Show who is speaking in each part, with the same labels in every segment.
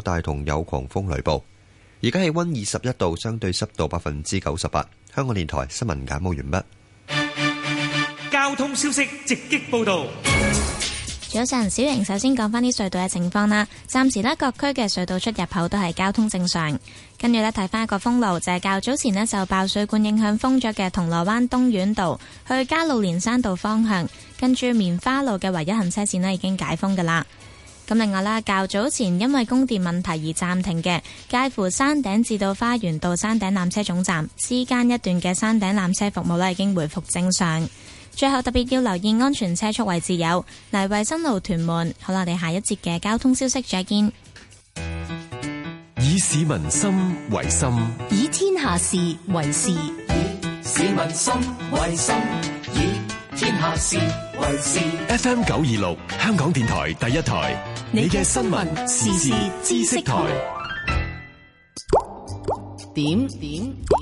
Speaker 1: 大同有狂風雷暴，而家氣溫二十一度，相對濕度百分之九十八。香港電台新聞簡報完畢。
Speaker 2: 交通消息直擊報
Speaker 1: 道。
Speaker 3: 早晨，小瑩首先講翻啲隧道嘅情況啦。暫時咧，各區嘅隧道出入口都係交通正常。跟住呢，睇翻一個封路，就係、是、較早前呢，就爆水管影響封咗嘅銅鑼灣東苑道去加路連山道方向，跟住棉花路嘅唯一行車線呢，已經解封噶啦。咁另外啦，較早前因為供電問題而暫停嘅介乎山頂至到花園道山頂纜車總站之間一段嘅山頂纜車服務咧，已經回復正常。最後特別要留意安全車速位置有嚟衛新路屯門。好啦，我哋下一節嘅交通消息再見。
Speaker 1: 以市民心為心，
Speaker 3: 以天下事為事。以市民心為心，以天下事
Speaker 1: 為事。FM 九二六，香港電台第一台。你嘅新聞時事知識台，
Speaker 4: 點點。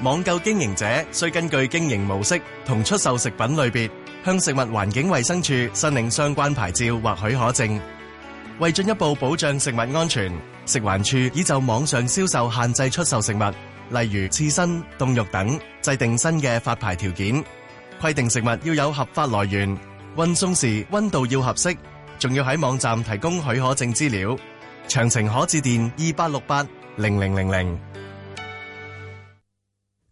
Speaker 1: 網購經營者需根據經營模式同出售食品類別，向食物環境衛生署申領相關牌照或許可證。為進一步保障食物安全，食環署已就網上銷售限制出售食物，例如刺身、凍肉等，制定新嘅發牌條件，規定食物要有合法來源，運送時溫度要合適，仲要喺網站提供許可證資料。詳情可致電二八六八零零零零。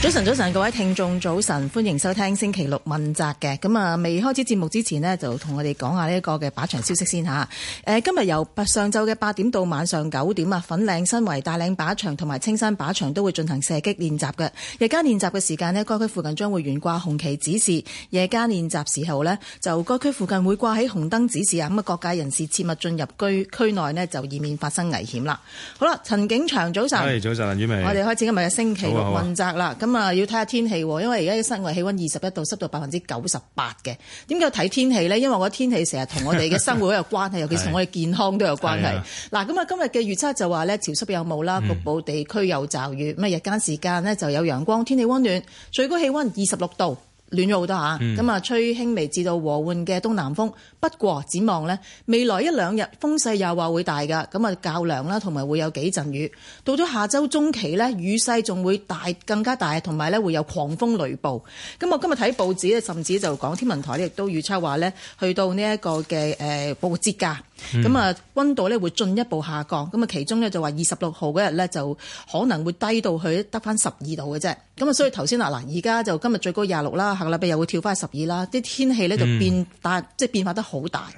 Speaker 5: 早晨，早晨，各位聽眾，早晨，歡迎收聽星期六問責嘅咁啊！未開始節目之前咧，就同我哋講下呢一個嘅靶場消息先吓。誒，今日由上晝嘅八點到晚上九點啊，粉嶺新圍、大嶺靶，靶場同埋青山靶場都會進行射擊練習嘅。夜間練習嘅時間咧，該區附近將會懸掛紅旗指示。夜間練習時候咧，就該區附近會掛起紅燈指示啊，咁啊，各界人士切勿進入居區內咧，就以免發生危險啦。好啦，陳景祥，早晨。
Speaker 2: 早晨，婉薇。我哋開
Speaker 5: 始今日嘅星期六問責啦。好好啊咁啊，要睇下天氣喎。因為而家嘅室外氣溫二十一度，濕度百分之九十八嘅。點解要睇天氣咧？因為天我天氣成日同我哋嘅生活都有關係， 尤其是同我哋健康都有關係。嗱，咁啊，今日嘅預測就話咧，潮濕有霧啦，局部地區有驟雨。咁、嗯、啊，日間時間咧就有陽光，天氣溫暖，最高氣溫二十六度。暖咗好多吓，咁、嗯、啊，吹輕微至到和緩嘅東南風。不過展望呢，未來一兩日風勢又話會大噶，咁啊較涼啦，同埋會有幾陣雨。到咗下周中期呢，雨勢仲會大更加大，同埋呢會有狂風雷暴。咁我今日睇報紙甚至就講天文台亦都預測話呢，去到呢、這、一個嘅誒節假。呃報咁、嗯、啊，溫度咧會進一步下降。咁啊，其中咧就話二十六號嗰日咧就可能會低到去得翻十二度嘅啫。咁啊，所以頭先啊嗱，而家就今日最高廿六啦，下個禮拜又會跳翻去十二啦。啲天氣咧就變大，嗯、即係變化得好大。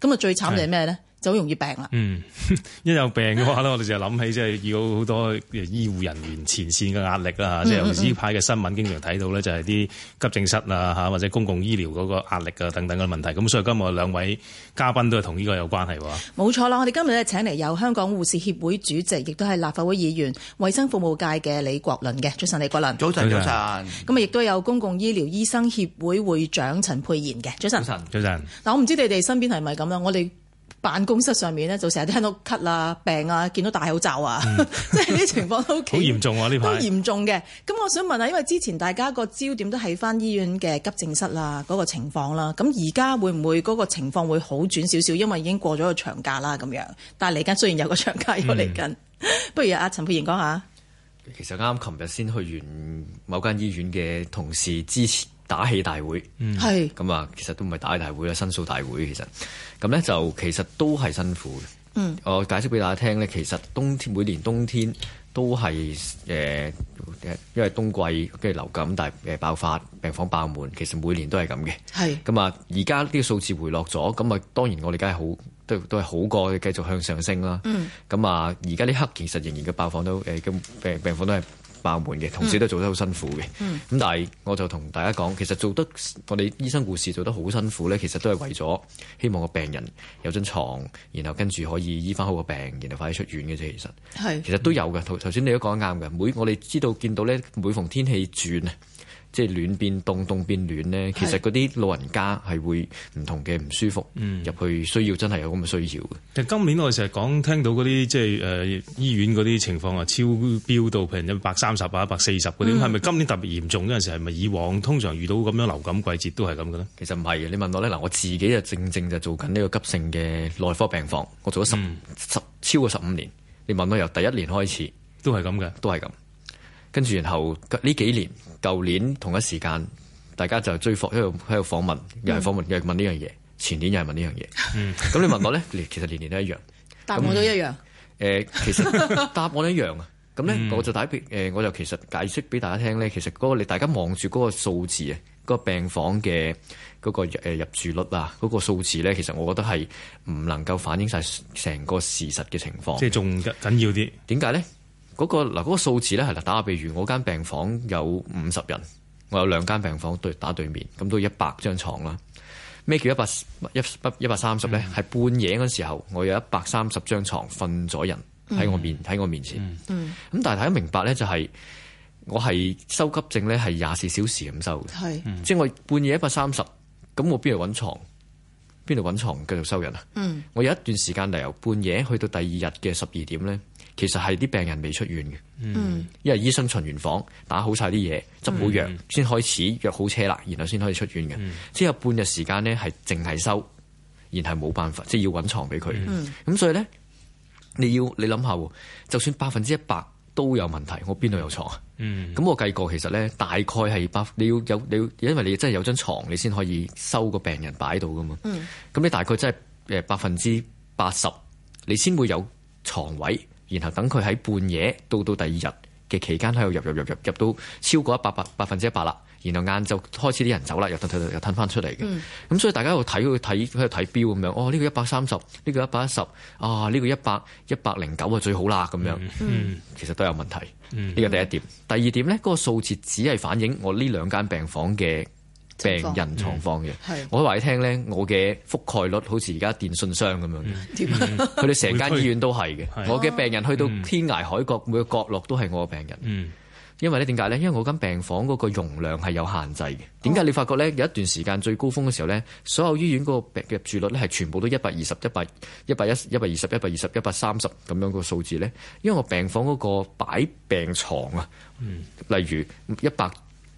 Speaker 5: 咁啊，最慘就係咩咧？就容易病啦。
Speaker 2: 嗯，一有病嘅話咧，我哋就諗起即係要到好多醫護人員前線嘅壓力啦。即係尤其呢排嘅新聞經常睇到咧，就係啲急症室啊吓，或者公共醫療嗰個壓力啊等等嘅問題。咁所以今日兩位嘉賓都係同呢個有關係。
Speaker 5: 冇錯啦，我哋今日咧請嚟有香港護士協會主席，亦都係立法會議員、衛生服務界嘅李國麟嘅。早晨，李國麟。早晨，早晨。咁啊，亦都有公共醫療醫生協會會長陳沛然嘅。早晨，早晨。嗱，我唔知你哋身邊係咪咁樣，我哋。辦公室上面咧，就成日聽到咳啊、病啊，見到戴口罩啊，即係呢啲情況都好
Speaker 2: 嚴重啊。呢排都嚴
Speaker 5: 重嘅。咁我想問下，因為之前大家個焦點都喺翻醫院嘅急症室啦，嗰個情況啦。咁而家會唔會嗰個情況會好轉少少？因為已經過咗個長假啦，咁樣。但係嚟緊雖然有個長假來，要嚟緊，不如阿陳沛然講下。
Speaker 6: 其實啱啱琴日先去完某間醫院嘅同事之前。打氣大會，係咁啊！其實都唔係打氣大會啦，申訴大會其實咁咧，就其實都係辛苦嘅、嗯。我解釋俾大家聽咧，其實冬天每年冬天都係誒、呃、因為冬季跟住流感，大爆發病房爆滿，其實每年都係咁嘅。係咁啊！而家啲數字回落咗，咁啊當然我哋梗係好都都係好過繼續向上升啦。咁、嗯、啊，而家呢刻其實仍然嘅爆房都誒，咁病病房都係。爆門嘅，同時都做得好辛苦嘅。咁、嗯嗯、但係，我就同大家講，其實做得我哋醫生護士做得好辛苦咧，其實都係為咗希望個病人有張床，然後跟住可以醫翻好個病，然後快啲出院嘅啫。其實係，其實都有嘅。頭頭先你都講得啱嘅。每我哋知道見到咧，每逢天氣轉，即係暖變凍，凍變暖咧。其實嗰啲老人家係會唔同嘅唔舒服，入、嗯、去需要真係有咁嘅需要
Speaker 2: 嘅。其實今年我成日講聽到嗰啲即係誒、呃、醫院嗰啲情況啊，超標到譬如一百三十啊、一百四十嗰啲，咁係咪今年特別嚴重？嗰陣時係咪以往通常遇到咁樣流感季節都係咁嘅咧？其實唔係嘅，你問我咧嗱，我自己啊正正就做緊呢個急
Speaker 6: 性嘅內科病房，我做咗十、嗯、十超過十五年。你問我由第一年開始，都係咁嘅，都係咁，跟住，然後呢幾年，舊年同一時間，大家就追訪，喺度喺度訪問，又係訪問，又問呢樣嘢。前年又係問呢樣嘢。咁、嗯、你問我咧， 其實年年都一樣。
Speaker 5: 嗯、答案都一樣 呃、答案
Speaker 6: 都一樣。其實答案都一樣啊。咁、嗯、咧，我就解誒，我就其實解釋俾大家聽咧。其實嗰、那、你、個、大家望住嗰個數字啊，嗰、那個病房嘅嗰個入住率啊，嗰、那個數字咧，其實我覺得係唔能夠反映晒成個事實嘅情況。即係仲緊要啲。點解咧？嗰、嗰個嗱，嗰個、數字咧係啦，打下譬如我間病房有五十人，我有兩間病房對打對面，咁都一百張床啦。咩叫一百一百一百三十咧？係、嗯、半夜嗰時候，我有一百三十張床瞓咗人喺我面喺、嗯、我面前。咁、嗯嗯、但係睇明白咧、就是，就係我係收急症咧，係廿四小時咁收嘅、嗯。即係我半夜一百三十，咁我邊度搵床？邊度搵床繼續收人啊、嗯？我有一段時間嚟由半夜去到第二日嘅十二點咧。其實係啲病人未出院嘅、嗯，因為醫生巡完房，打好晒啲嘢，執好藥，先、嗯嗯、開始約好車啦，然後先可以出院嘅、嗯。即係半日時間咧，係淨係收，然後冇辦法，即係要揾床俾佢。咁、嗯、所以咧，你要你諗下，就算百分之一百都有問題，我邊度有床？啊、嗯？咁我計過，其實咧大概係百分你要有你要，因為你真係有張床，你先可以收個病人擺到噶嘛。咁、嗯、你大概真係誒百分之八十，你先會有床位。然後等佢喺半夜到到第二日嘅期間喺度入入入入入到超過一百百百分之一百啦，然後晏晝開始啲人走啦，又褪又褪翻出嚟嘅。咁、嗯、所以大家喺度睇佢睇喺度睇表咁樣，哦，呢個一百三十，呢個一百一十，啊，呢個一百一百零九啊最好啦咁樣。嗯，嗯，其實都有問題。嗯，呢個第一點，第二點咧，嗰個數字只係反映我呢兩間病房嘅。病人狀況嘅，我話你聽呢，我嘅覆蓋率好似而家電信商咁樣，
Speaker 2: 佢哋成間醫院都係嘅。我嘅病人去到
Speaker 6: 天涯海角，嗯、每個角落都係我嘅病人。嗯、因為咧點解呢？因為我間病房嗰個容量係有限制嘅。點、嗯、解你發覺呢？有一段時間最高峰嘅時候呢、哦，所有醫院嗰病入住率呢係全部都一百二十一百一百一一百二十一百二十一百三十咁樣個數字呢。因為我病房嗰個擺病床啊、嗯，例如一百。100。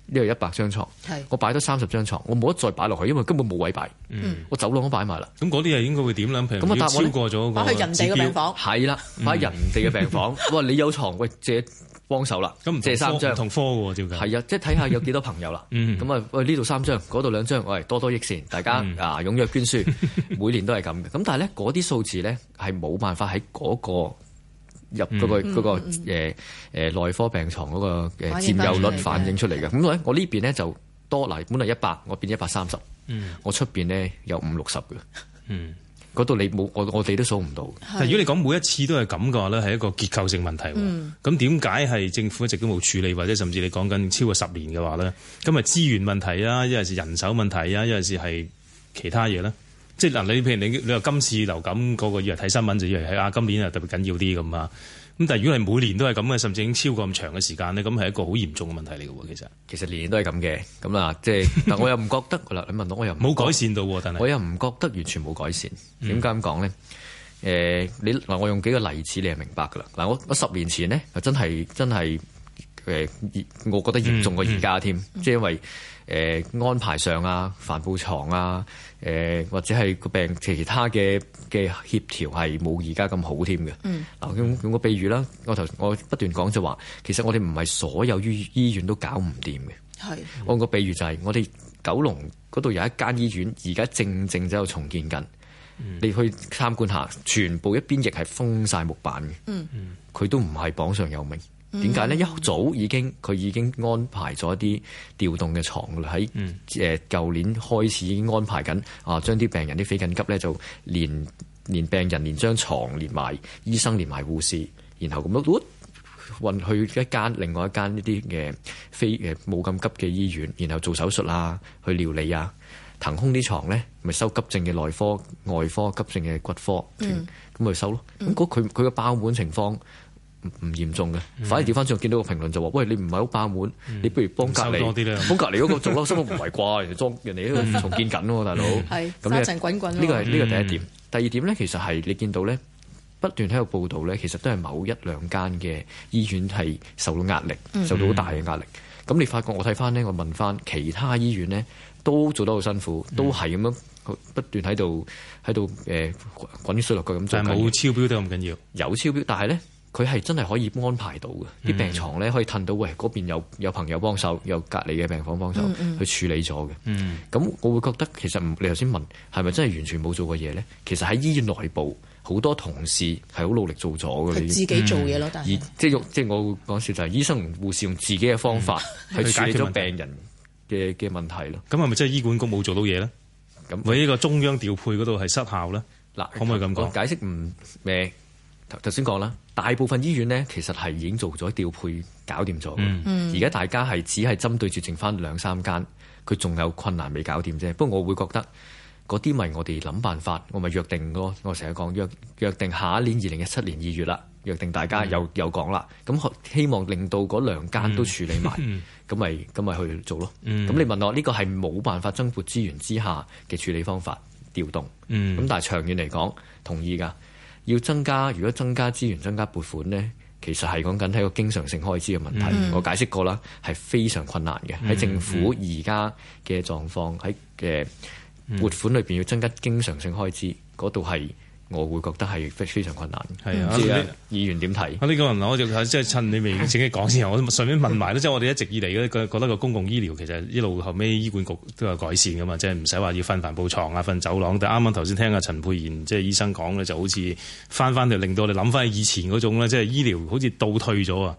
Speaker 6: 呢度一百張牀，我擺多三十張床，我冇得再擺落去，因為根本冇位擺。嗯，我走廊都擺埋啦。
Speaker 2: 咁嗰啲又應該會點咧？咁，我答超過咗嗰個，擺去人哋嘅病房。
Speaker 6: 係啦，擺人哋嘅病房。 哇，你有牀，喂、哎，借幫手啦。咁、嗯、借三張同科喎，照計。係啊，即係睇下有幾多朋友啦。咁 啊、嗯，喂，呢度三張，嗰度兩張，喂，多多益善，大家、嗯、 啊，踴躍捐輸，每年都係咁嘅。咁但係咧，嗰啲數字咧係冇辦法喺嗰、嗰個。入嗰個嗰個誒誒內科病床嗰個佔有率反映出嚟嘅，咁我呢邊咧就多嚟，本嚟一百我變一百三十，我出面咧有五六十嘅，
Speaker 2: 嗰度你冇我我哋都數唔到。但係如果你講每一次都係咁嘅話咧，係一個結構性問題。咁點解係政府一直都冇處理，或者甚至你講緊超過十年嘅話咧，咁咪資源問題啊，一係是人手問題啊，一係是係其他嘢咧？即係嗱，你譬如你，你話今次流感嗰個，以為睇新聞就以為係啊，今年啊特別緊要啲咁啊。咁但係如果係每年都係咁嘅，甚至已經超過咁長嘅時間咧，咁係一個好嚴重嘅問題嚟嘅喎。其實其實年年都係咁嘅，咁啊、就是，即係，但我又唔覺得噶啦，你問到，我又冇改善到，但係我又唔覺得完全冇改善。
Speaker 6: 點解咁講咧？誒、呃，你嗱，我用幾個例子，你係明白噶啦。嗱，我我十年前咧，真係真係，誒，我覺得嚴重過而家添，即、嗯、係、嗯、因為。誒、呃、安排上啊，帆布床啊，誒、呃、或者係個病其他嘅嘅協調，係冇而家咁好添嘅。嗱、嗯，用，用個比喻啦，我頭我不斷講就話，其實我哋唔係所有醫醫院都搞唔掂嘅。係、嗯，我個比喻就係、是，我哋九龍嗰度有一間醫院，而家正正喺度重建緊，你去參觀一下，全部一邊翼係封晒木板嘅，佢、嗯、都唔係榜上有名。點解咧？一早已經佢已經安排咗一啲調動嘅床喺誒舊年開始已經安排緊啊，將啲病人啲非緊急咧就連連病人連張床連埋醫生連埋護士，然後咁樣攞運、呃、去一間另外一間呢啲嘅非誒冇咁急嘅醫院，然後做手術啊，去料理啊，騰空啲床咧咪收急症嘅內科、外科、急症嘅骨科，咁、嗯、咪收咯。咁嗰佢佢個的爆滿情況。唔嚴重嘅、嗯，反而調翻轉，見到個評論就話，喂，你唔係好爆滿，你不如幫隔籬，幫隔籬嗰個做咯，辛苦唔係怪，人哋裝，人哋喺度重建緊、啊、咯，大、嗯、佬。係沙塵滾滾。呢個係呢個第一點，第二點咧，其實係你見到咧，不斷喺度報道咧，其實都係某一兩間嘅醫院係受到壓力、嗯，受到好大嘅壓力。咁、嗯嗯、你發覺我睇翻呢，我問翻其他醫院咧，都做得好辛苦，嗯、都係咁樣不斷喺度喺度誒滾水落腳咁。冇超標都咁緊要，有超標，但係咧。佢係真係可以安排到嘅，啲、嗯、病床咧可以褪到，喂，嗰邊有有朋友幫手，有隔離嘅病房幫手、嗯嗯、去處理咗嘅。咁、嗯、我會覺得其實你頭先問係咪真係完全冇做過嘢咧？其實喺醫院內部好多同事係好努力做咗嘅。你自己做嘢咯、嗯，但係即係
Speaker 2: 即係我講笑，就係、是、醫生同護士用自己嘅方法、嗯、去 解決咗病人嘅嘅問題咯。咁係咪真係醫管局冇做到嘢咧？咁或者呢個中央調配嗰度係失效咧？嗱，可唔可以咁講？解釋唔咩？呃頭先講啦，大部分醫院呢其實係已經
Speaker 6: 做咗調配搞定了，搞掂咗。而家大家係只係針對住剩翻兩三間，佢仲有困難未搞掂啫。不過我會覺得嗰啲咪我哋諗辦法，我咪約定咯。我成日講約約定下一年二零一七年二月啦，約定大家又又講啦。咁、嗯、希望令到嗰兩間都處理埋，咁咪咁咪去做咯。咁、嗯、你問我呢、這個係冇辦法增撥資源之下嘅處理方法、調動。嗯，咁但係長遠嚟講，同意㗎。要增加，如果增加資源、增加撥款呢，其實係講緊係個經常性開支嘅問題。Mm -hmm. 我解釋過啦，係非常困難嘅。喺政府而家嘅狀況，Mm-hmm. 喺嘅撥款裏邊要增加經常性開支，嗰度係。我會覺得係非常困難。係啊，咁啲、啊、議員點睇？
Speaker 2: 我、啊、呢、啊這個人，我就即係趁你未自己講先，我順順便問埋啦。即 係我哋一直以嚟覺覺得個公共醫療其實一路後尾醫管局都有改善噶嘛，即係唔使話要瞓帆布床啊，瞓走廊。但啱啱頭先聽阿陳沛然即係醫生講咧，就好似翻翻就令到我哋諗翻去以前嗰種咧，即、就、係、是、醫療好似倒退咗啊！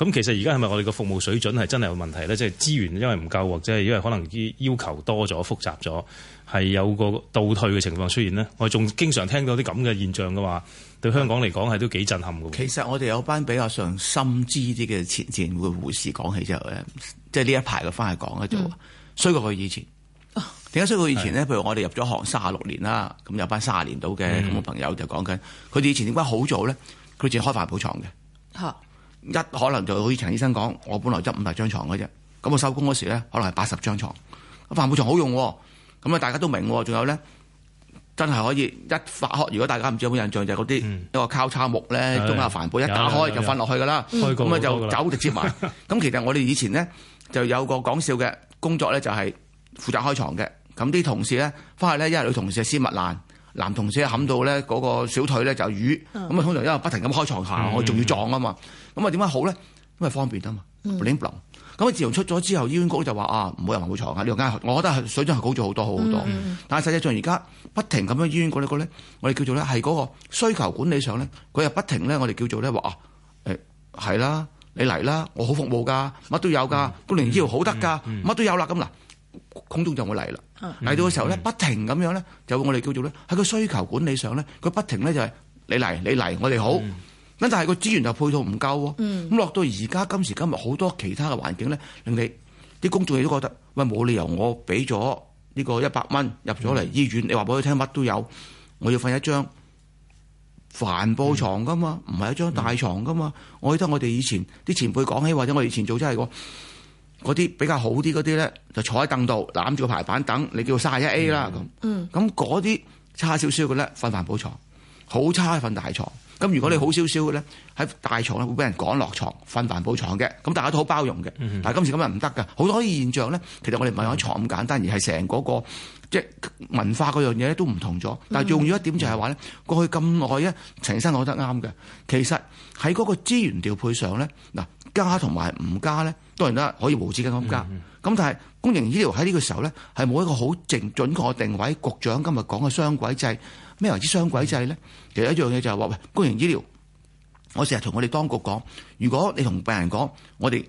Speaker 2: 咁其實而家係咪我哋個服務水準係真係有問題咧？即係資源因為唔夠，或者係因為可能啲要求多咗、複雜咗，係有個倒退嘅情況出現呢。我仲經常
Speaker 4: 聽到啲咁嘅現象嘅話，對香港嚟講係都幾震撼嘅。其實我哋有班比較上心知啲嘅前線會護事講起之後咧，即係呢一排嘅翻嚟講嘅就衰過佢以前。點解衰過以前呢？譬如我哋入咗行三十六年啦，咁有班三十年到嘅咁嘅朋友就講緊，佢、嗯、哋以前點解好早咧？佢哋開飯補牀嘅一可能就好似陳醫生講，我本來執五十張床嘅啫。咁我收工嗰時咧，可能係八十張床。帆布床好用、哦，咁啊大家都明、哦。仲有咧，真係可以一發開。如果大家唔知有冇印象，就係嗰啲一個交叉木咧，中下帆布一打開就瞓落去噶啦。咁啊、嗯、就走直接埋。咁 其實我哋以前咧就有個講笑嘅工作咧，就係負責開床嘅。咁啲同事咧，翻去咧，一係女同事絲襪爛，男同事啊冚到咧嗰個小腿咧就瘀。咁、嗯、啊，通常因為不停咁開床行，我、嗯、仲要撞啊嘛。咁啊，點解好咧？因為方便啊嘛，link b l o c 咁啊，佢自從出咗之後，醫院局就話啊，唔好又話冇牀啊，呢個間，我覺得水準係高咗好多，好好多。嗯嗯、但係實際上而家不停咁樣醫院管理局呢個咧，我哋叫做咧係嗰個需求管理上咧，佢又不停咧，我哋叫做咧話啊，誒、欸、係啦，你嚟啦，我好服務㗎，乜都有㗎，顧、嗯、寧醫療好得㗎，乜、嗯嗯、都有啦咁嗱，空中就會嚟啦。
Speaker 7: 嚟到嘅時候咧，不
Speaker 4: 停咁樣咧，就我哋叫做咧喺個需求管理上咧，佢不停咧就係你嚟，你嚟，我哋好。嗯咁但係個資源就配套唔夠喎、啊，咁、嗯、落到而家今時今日好多其他嘅環境咧，令你啲公眾亦都覺得，喂，冇理由我俾咗呢個一百蚊入咗嚟醫院，嗯、你話俾佢聽乜都有，我要瞓一張帆布床噶嘛，唔、嗯、係一張大床噶嘛。我記得我哋以前啲前輩講起或者我以前做真係個嗰啲比較好啲嗰啲咧，就坐喺凳度攬住個排板等，你叫卅一 A 啦咁。咁嗰啲差少少嘅咧，瞓帆布床，好差瞓大床。」咁、嗯、如果你好少少咧，喺大床咧會俾人趕落床瞓帆布床嘅，咁大家都好包容嘅。但係今時今日唔得㗎，好多現象咧，其實我哋唔係喺床咁簡單，而係成嗰個即係文化嗰樣嘢咧都唔同咗。但仲最要一點就係話咧，過去咁耐咧，陳生講得啱嘅，其實喺嗰個資源調配上咧，嗱加同埋唔加咧，當然啦可以無止咁加。咁、嗯嗯、但係公營醫療喺呢個時候咧，係冇一個好正準確嘅定位。局長今日講嘅雙軌制，咩為之雙軌制咧？其實一樣嘢就係話，喂，公營醫療，我成日同我哋當局講，如果你同病人講，我哋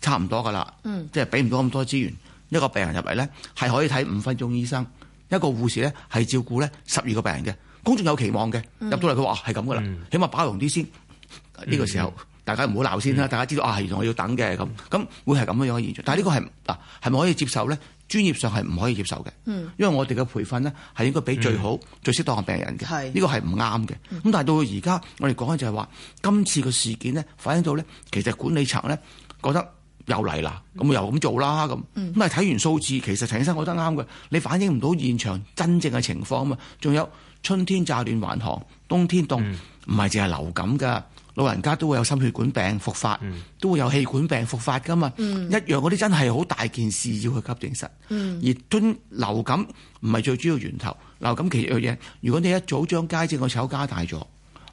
Speaker 4: 差唔多噶啦、嗯，即係俾唔到咁多資源，一個病人入嚟咧，係可以睇五分鐘醫生，一個護士咧係照顧咧十二個病人嘅，公眾有期望嘅，入到嚟佢話啊係咁噶啦，起碼包容啲先，呢、呢個時候大家唔好鬧先啦、嗯，大家知道啊，原來我要等嘅咁，咁、嗯、會係咁樣樣嘅現象，但係呢個係嗱係咪可以接受咧？專業上係唔可以接受嘅、嗯，因為我哋嘅培訓咧係應該俾最好、嗯、最適當嘅病人嘅，呢個係唔啱嘅。咁、嗯、但係到而家我哋講嘅就係話，今次嘅事件咧反映到咧，其實管理層咧覺得又嚟啦，咁、嗯、又咁做啦咁。咁、嗯、但係睇完數字，其實陳醫生覺得啱嘅，你反映唔到現場真正嘅情況啊嘛。仲有春天乍暖還寒，冬天凍，唔係淨係流感㗎。老人家都會有心血管病復發，嗯、都會有氣管病復發噶嘛、嗯，一樣嗰啲真係好大件事要去急症室。嗯、而吞流感唔係最主要源頭，流感其實嘢、就係，如果你一早將街症嘅籌加大咗，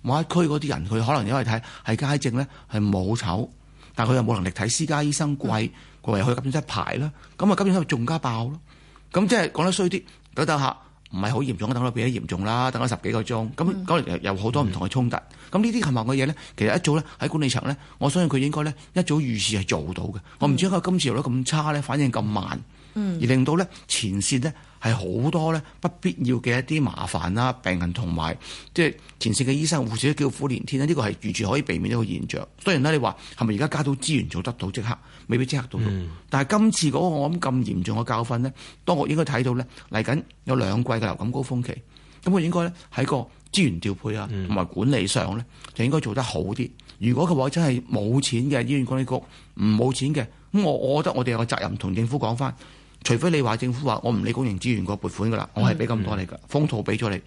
Speaker 4: 某一區嗰啲人佢可能因為睇係街症咧，係冇籌，但佢又冇能力睇私家醫生貴，佢唯有去急症室排啦。咁啊急症室仲加爆咯，咁即係講得衰啲等等下。唔係好嚴重，等佢變咗嚴重啦，等咗十幾個鐘，咁咁又有好多唔同嘅衝突，咁呢啲咁樣嘅嘢咧，其實一早咧喺管理層咧，我相信佢應該咧一早預先係做到嘅，我唔知點解今次做得咁差咧，反應咁慢，而令到咧前線呢。係好多咧不必要嘅一啲麻煩啦，病人同埋即係前線嘅醫生護士都叫苦連天呢，呢個係完全可以避免一個現象。雖然呢，你話係咪而家加到資源做得到即刻，未必即刻做到。嗯、但係今次嗰個我諗咁嚴重嘅教訓呢，當我應該睇到呢，嚟緊有兩季嘅流感高峰期，咁我應該咧喺個資源調配啊同埋管理上咧就應該做得好啲。如果嘅話真係冇錢嘅醫院管理局唔冇錢嘅咁，我我覺得我哋有個責任同政府講翻。除非你話政府話我唔理公營資源個撥款㗎啦，我係俾咁多你㗎，封套俾咗你，誒、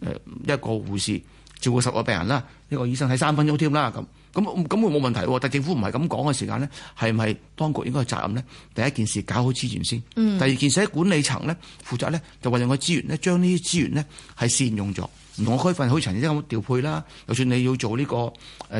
Speaker 4: 呃嗯、一個護士照顧十個病人啦，一個醫生睇三分鐘添啦，咁咁咁會冇問題喎。但政府唔係咁講嘅時間呢，係咪當局應該責任呢？第一件事搞好資源先，嗯，第二件事喺管理層呢負責呢，就運用個資源呢將呢啲資源呢係善用咗，唔同我開份好層次咁調配啦。就算你要做呢個誒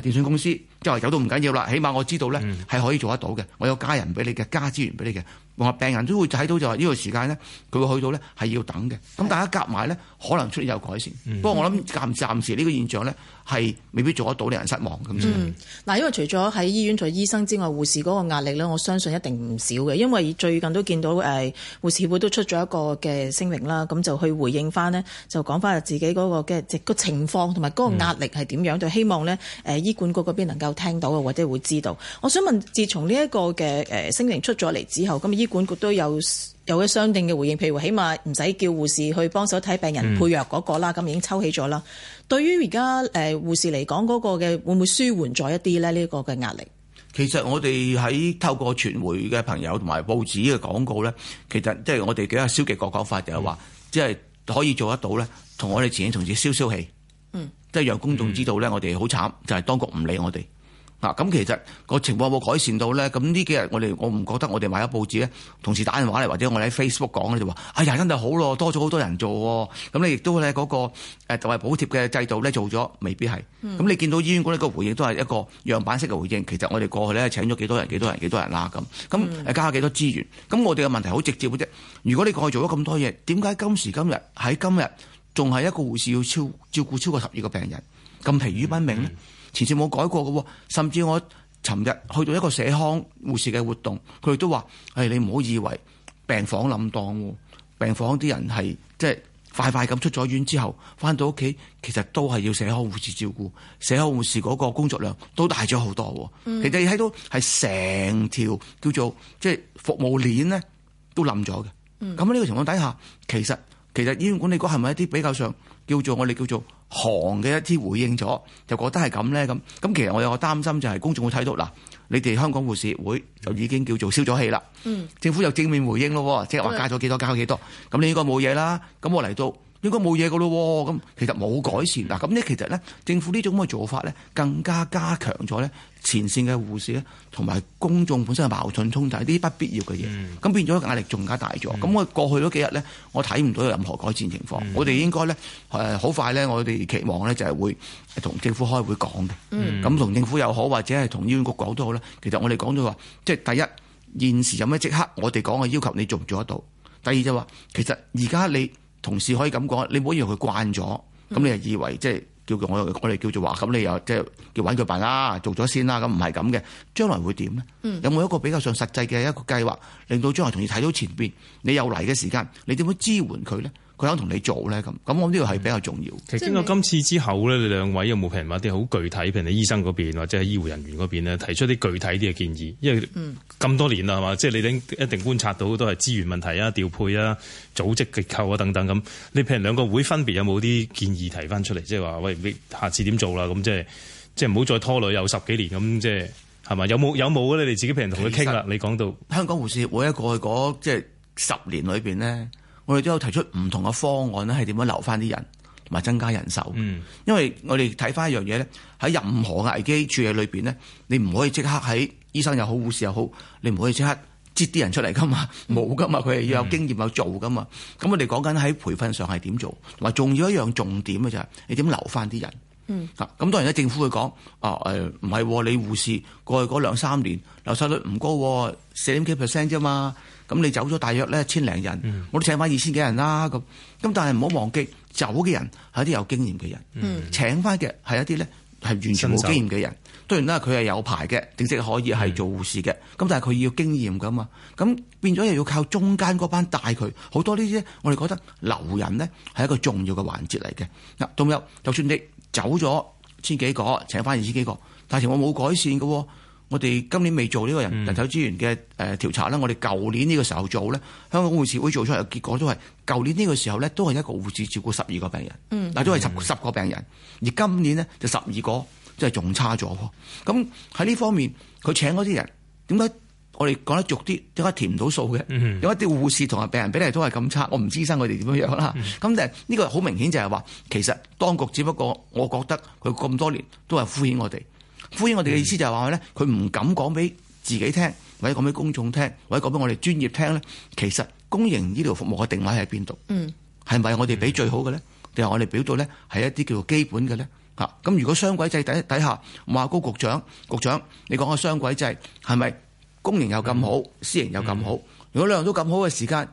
Speaker 4: 電信公司，即、就、係、是、有都唔緊要啦，起碼我知道呢係可以做得到嘅、嗯，我有加人俾你嘅，加資源俾你嘅。同埋病人都會睇到，就係呢個時間咧，佢會去到咧，係要等嘅。咁大家夾埋咧，可能出嚟有改善。不過我諗暫暫時呢個現象咧。係未必做得到，令人失望咁。
Speaker 5: 嗱、嗯，因為除咗喺醫院做醫生之外，護士嗰個壓力咧，我相信一定唔少嘅。因為最近都見到誒，護士協會都出咗一個嘅聲明啦，咁就去回應翻呢，就講翻自己嗰個嘅即個情況同埋嗰個壓力係點樣。就、嗯、希望呢，誒，醫管局嗰邊能夠聽到或者會知道。我想問，自從呢一個嘅誒聲明出咗嚟之後，咁醫管局都有。有咗相定嘅回應，譬如起碼唔使叫護士去幫手睇病人配藥嗰個啦，咁、嗯、已經抽起咗啦。對於而家誒護士嚟講，嗰個嘅會唔會舒緩咗一啲咧？呢個嘅壓力，
Speaker 4: 其實我哋喺透過傳媒嘅朋友同埋報紙嘅廣告咧，其實即係我哋幾個消極國搞法、嗯，就係話，即係可以做得到咧。同我哋前線同事消消氣，嗯，即係讓公眾知道咧，我哋好慘，就係當局唔理我哋。嗱、啊、咁，其實個情況有冇改善到咧？咁呢幾日我哋我唔覺得我哋買咗報紙咧，同事打電話嚟，或者我哋喺 Facebook 講咧，你就話：哎呀，真係好咯，多咗好多人做、哦。咁你亦都咧嗰個誒就係補貼嘅制度咧，做咗未必係。咁、嗯、你見到醫院管理局嘅回應都係一個樣板式嘅回應。其實我哋過去咧請咗幾多人、幾多人、幾多人啦、啊。咁咁加咗幾多資源。咁我哋嘅問題好直接嘅啫。如果你過去做咗咁多嘢，點解今時今日喺今日仲係一個護士要超照顧超過十二個病人咁疲於奔命咧？前次冇改過嘅喎，甚至我尋日去到一個社康護士嘅活動，佢哋都話：誒、哎，你唔好以為病房冧檔喎，病房啲人係即係快快咁出咗院之後，返到屋企其實都係要社康護士照顧，社康護士嗰個工作量都大咗好多。其實你睇到係成條叫做即係服務鏈咧都冧咗嘅。咁喺呢個情況底下，其實其實醫院管理局係咪一啲比較上叫做我哋叫做？行嘅一啲回應咗，就覺得係咁咧咁。咁其實我有個擔心就係、是、公眾會睇到嗱，你哋香港護士會就已經叫做消咗氣啦、嗯。政府又正面回應咯，即係話加咗幾多加幾多，咁你應該冇嘢啦。咁我嚟到。應該冇嘢㗎喇喎，咁其實冇改善嗱，咁呢其實咧，政府呢種咁嘅做法咧，更加加強咗咧，前線嘅護士咧，同埋公眾本身嘅矛盾衝突呢啲不必要嘅嘢，咁、嗯、變咗壓力仲加大咗。咁、嗯、我過去嗰幾日咧，我睇唔到有任何改善情況。嗯、我哋應該咧，好快咧，我哋期望咧就係會同政府開會講嘅。咁、嗯、同政府又好，或者係同醫院局講都好啦。其實我哋講咗話，即係第一現時有咩即刻我哋講嘅要求，你做唔做得到？第二就話其實而家你。同事可以咁講，你唔好以為佢慣咗，咁你又以為，嗯、以為即係叫做我我哋叫做話，咁你又即係叫揾佢辦啦，做咗先啦，咁唔係咁嘅，將來會點咧？嗯、有冇一個比較上實際嘅一個計劃，令到將來同事睇到前邊，你又嚟嘅時間，你點樣支援佢咧？佢想同你做咧咁，咁我呢度係比較重要。其實經過今
Speaker 2: 次之後咧，你兩位有冇譬如話啲好具體，譬如你醫生嗰邊或者係醫護人員嗰邊咧，提出啲具體啲嘅建議？因為咁多年啦，係嘛？即係你一定觀察到都係資源問題啊、調配啊、組織結構啊等等咁。你譬如兩個會分別有冇啲建議提翻出嚟？即係話喂，你下次點做啦？咁即係即係唔好再拖累有十幾年咁，即係係嘛？
Speaker 4: 有冇有冇你哋自己譬如同佢傾啦。你講到香港護士會喺過去嗰即係十年裏邊咧。我哋都有提出唔同嘅方案咧，係點樣留翻啲人同埋增加人手。嗯、因為我哋睇翻一樣嘢咧，喺任何危機處理裏邊咧，你唔可以即刻喺醫生又好、護士又好，你唔可以即刻擠啲人出嚟噶嘛，冇噶嘛，佢係要有經驗有、嗯、做噶嘛。咁我哋講緊喺培訓上係點做，同埋仲有一樣重點嘅就係你點留翻啲人。啊、嗯，咁當然咧，政府會講啊，誒、呃，唔係你護士過去嗰兩三年流失率唔高，四點幾 percent 啫嘛。咁你走咗，大約一千零人，我都請翻二千幾人啦。咁、嗯、咁，但係唔好忘記走嘅人係一啲有經驗嘅人，嗯、請翻嘅係一啲咧係完全冇經驗嘅人。當然啦，佢係有牌嘅，正式可以係做護士嘅。咁、嗯、但係佢要經驗㗎嘛？咁變咗又要靠中間嗰班帶佢，好多呢啲我哋覺得留人咧係一個重要嘅環節嚟嘅。嗱，仲有就算你走咗千幾個，請翻二千幾個，但係情況冇改善嘅喎。我哋今年未做呢個人人手資源嘅誒調查咧、嗯，我哋舊年呢個時候做咧，香港護士會做出嚟嘅結果都係舊年呢個時候咧都係一個護士照顧十二個病人，嗯、但係都係十十個病人，嗯、而今年呢，就十二個，即係仲差咗。咁喺呢方面，佢請嗰啲人點解，我哋講得俗啲，點解填唔到數嘅？有一啲護士同埋病人比例都係咁差，我唔知生佢哋點樣樣啦。咁、嗯、但係呢個好明顯就係話，其實當局只不過，我覺得佢咁多年都係敷衍我哋。呼應我哋嘅意思就係話咧，佢唔敢講俾自己聽，或者講俾公眾聽，或者講俾我哋專業聽咧。其實公營醫療服務嘅定位喺邊度？嗯，係咪我哋俾最好嘅咧？定係我哋表到咧係一啲叫做基本嘅咧？咁、啊、如果雙軌制底底下，馬高局長局長，你講個雙軌制係咪公營又咁好，嗯、私營又咁好？如果兩樣都咁好嘅時間，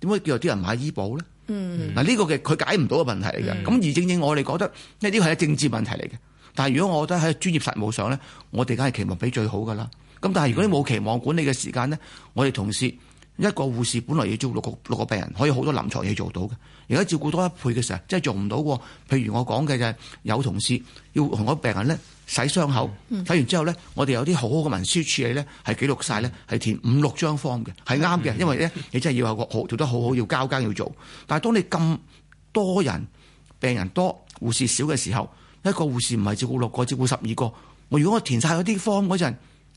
Speaker 4: 點解叫有啲人買醫保咧？嗯，嗱、這、呢個嘅佢解唔到嘅問題嚟嘅。咁、嗯、而正正我哋覺得呢啲係政治問題嚟嘅。但係如果我覺得喺專業實務上咧，我哋梗係期望俾最好噶啦。咁但係如果你冇期望管理嘅時間咧、嗯，我哋同事一個護士本來要做六個六個病人，可以好多臨床嘢做到嘅。而家照顧多一倍嘅時候，真係做唔到喎。譬如我講嘅就係、是、有同事要同個病人咧洗傷口，洗、嗯嗯、完之後咧，我哋有啲好好嘅文書處理咧，係記錄晒咧，係填五六張 form 嘅，係啱嘅，因為咧你真係要有個好做得好好，要交更要做。但係當你咁多人病人多，護士少嘅時候。一個護士唔係照顧六個，照顧十二個，我如果我填晒嗰啲方嗰陣。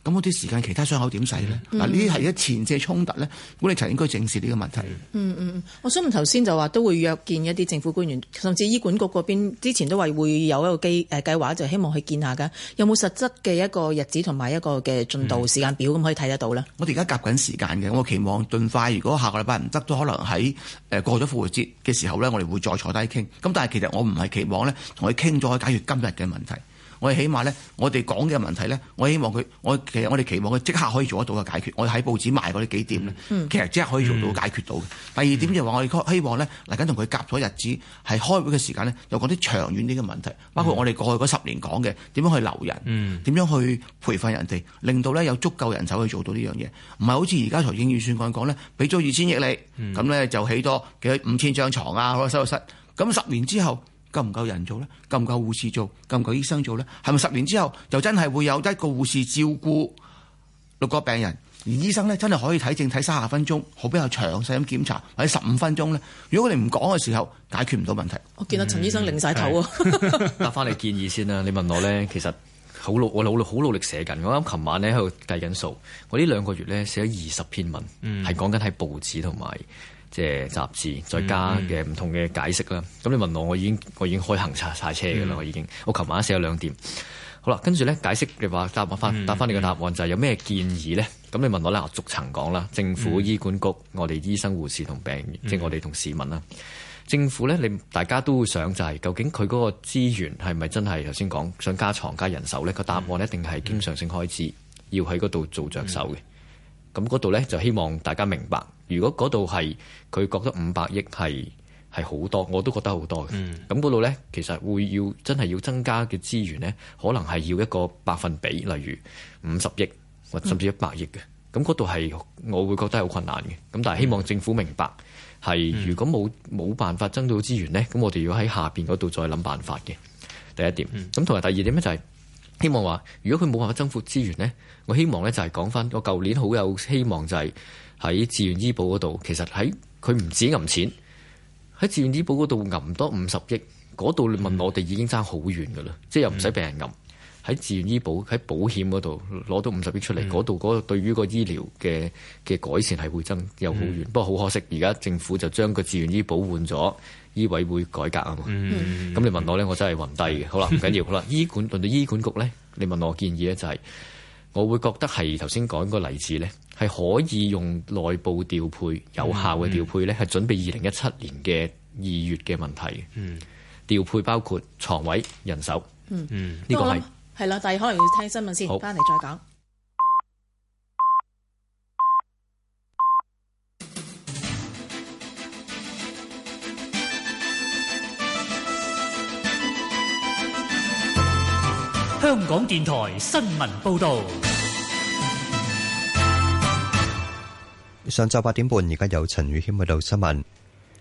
Speaker 4: 咁我啲時間其他傷口點使咧？嗱、嗯，呢啲係一前者衝突咧，我哋就應該正視呢個問題。嗯嗯
Speaker 5: 嗯，我想問頭先就話都會約見一啲政府官員，甚至醫管局嗰邊之前都話會有一個計劃，就係、希望去見下噶。有冇實質嘅一個日子同埋一個嘅進度時間表咁、嗯、可以睇得到咧？
Speaker 4: 我哋而家夾緊時間嘅，我期望盡快。如果下個禮拜唔執，都可能喺過咗復活節嘅時候咧，我哋會再坐低傾。咁但係其實我唔係期望咧，同佢傾咗可以解決今日嘅問題。我哋起碼咧，我哋講嘅問題咧，我希望佢，我其實我哋期望佢即刻可以做得到嘅解決。我哋喺報紙賣嗰啲幾點咧，嗯、其實即刻可以做到解決到。嘅、嗯。第二點就係話，我哋希望咧，嚟緊同佢夾咗日子，係開會嘅時間咧，又講啲長遠啲嘅問題，包括我哋過去嗰十年講嘅，點樣去留人，點、嗯、樣去培訓人哋，令到咧有足夠人手去做到呢樣嘢，唔係好似而家財政預算案講咧，俾咗二千億你，咁咧、嗯、就起多幾五千張床啊，嗰收恤室，咁十年之後。夠唔夠人做咧？夠唔夠護士做？夠唔夠醫生做咧？係咪十年之後就真係會有一個護士照顧六個病人，而醫生咧真係可以睇症，睇三十分鐘，好比較詳細噉檢查，或者十五分鐘咧？如果你哋唔講嘅時候，解決唔到問題。
Speaker 5: 我見到陳醫生擰晒頭啊！
Speaker 6: 答翻你建議先啦， 你問我咧，其實好努力寫，我好努，好努力寫緊。我諗琴晚咧喺度計緊數，我呢兩個月咧寫咗二十篇文，係講緊喺報紙同埋。即係雜誌，再加嘅唔同嘅解釋啦。咁、嗯嗯、你問我，我已經我已經開行晒晒車嘅啦、嗯。我已經我琴晚寫咗兩點。好啦，跟住呢解釋你話答返答翻你個答案就係有咩建議呢？咁、嗯、你問我咧，我逐層講啦。政府醫管局，嗯、我哋醫生、護士同病，即、嗯、係、就是、我哋同市民啦。政府呢，你大家都會想就係、是、究竟佢嗰個資源係咪真係頭先講想加床、加人手呢個答案一定係經常性開支、嗯、要喺嗰度做着手嘅。咁嗰度呢，就希望大家明白。如果嗰度係佢覺得五百億係係好多，我都覺得好多嘅。咁嗰度呢，其實會要真係要增加嘅資源呢，可能係要一個百分比，例如五十億或者甚至一百億嘅。咁嗰度係我會覺得好困難嘅。咁但係希望政府明白係、嗯，如果冇冇辦法增到資源呢，咁、嗯、我哋要喺下面嗰度再諗辦法嘅。第一點。咁同埋第二點呢、就是，就係希望話，如果佢冇辦法增闊資源呢，我希望呢，就係、是、講翻我舊年好有希望就係、是。喺自願醫保嗰度，其實喺佢唔止揞錢，喺自願醫保嗰度揞多五十億，嗰度你問我哋已經差好遠噶啦，即係又唔使畀人揞。喺自願醫保喺保險嗰度攞到五十億出嚟，嗰度嗰個對於個醫療嘅嘅改善係會增又好遠、嗯。不過好可惜，而家政府就將個自願醫保換咗醫委會改革啊嘛。咁、嗯、你問我咧、嗯，我真係暈低嘅。好啦，唔緊要， 好啦，醫管論到醫管局咧，你問我建議咧、就是，就係我會覺得係頭先講個例子咧。係可以用內部調配，有效嘅調配咧，係準備二零一七年嘅二月嘅問題的。調配包括床位、人手。嗯、呢、嗯，呢個係
Speaker 5: 係啦，但係可能要聽新聞先，翻嚟再講。
Speaker 6: 香港電台新聞報導。
Speaker 1: 上晝八點半，而家由陳宇軒去讀新聞。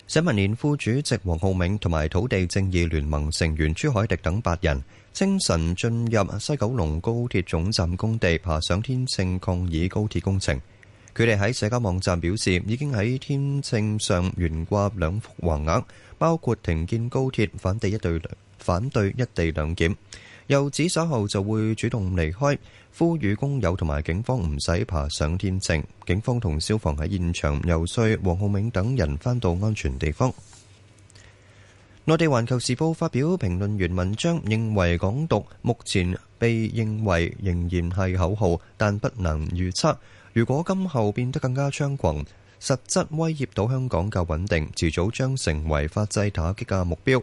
Speaker 1: 社民連副主席黃浩銘同埋土地正義聯盟成員朱凱迪等八人，清晨進入西九龍高鐵總站工地，爬上天秤抗議高鐵工程。佢哋喺社交網站表示，已經喺天秤上懸掛兩幅橫額，包括停建高鐵、反地一對、反對一地兩檢。又指稍後就會主動離開。呼籲工友同埋警方唔使爬上天秤，警方同消防喺現場遊説黃浩銘等人返到安全地方。內地《環球時報》發表評論員文章，認為港獨目前被認為仍然係口號，但不能預測如果今後變得更加猖狂，實質威脅到香港嘅穩定，遲早將成為法制打擊嘅目標。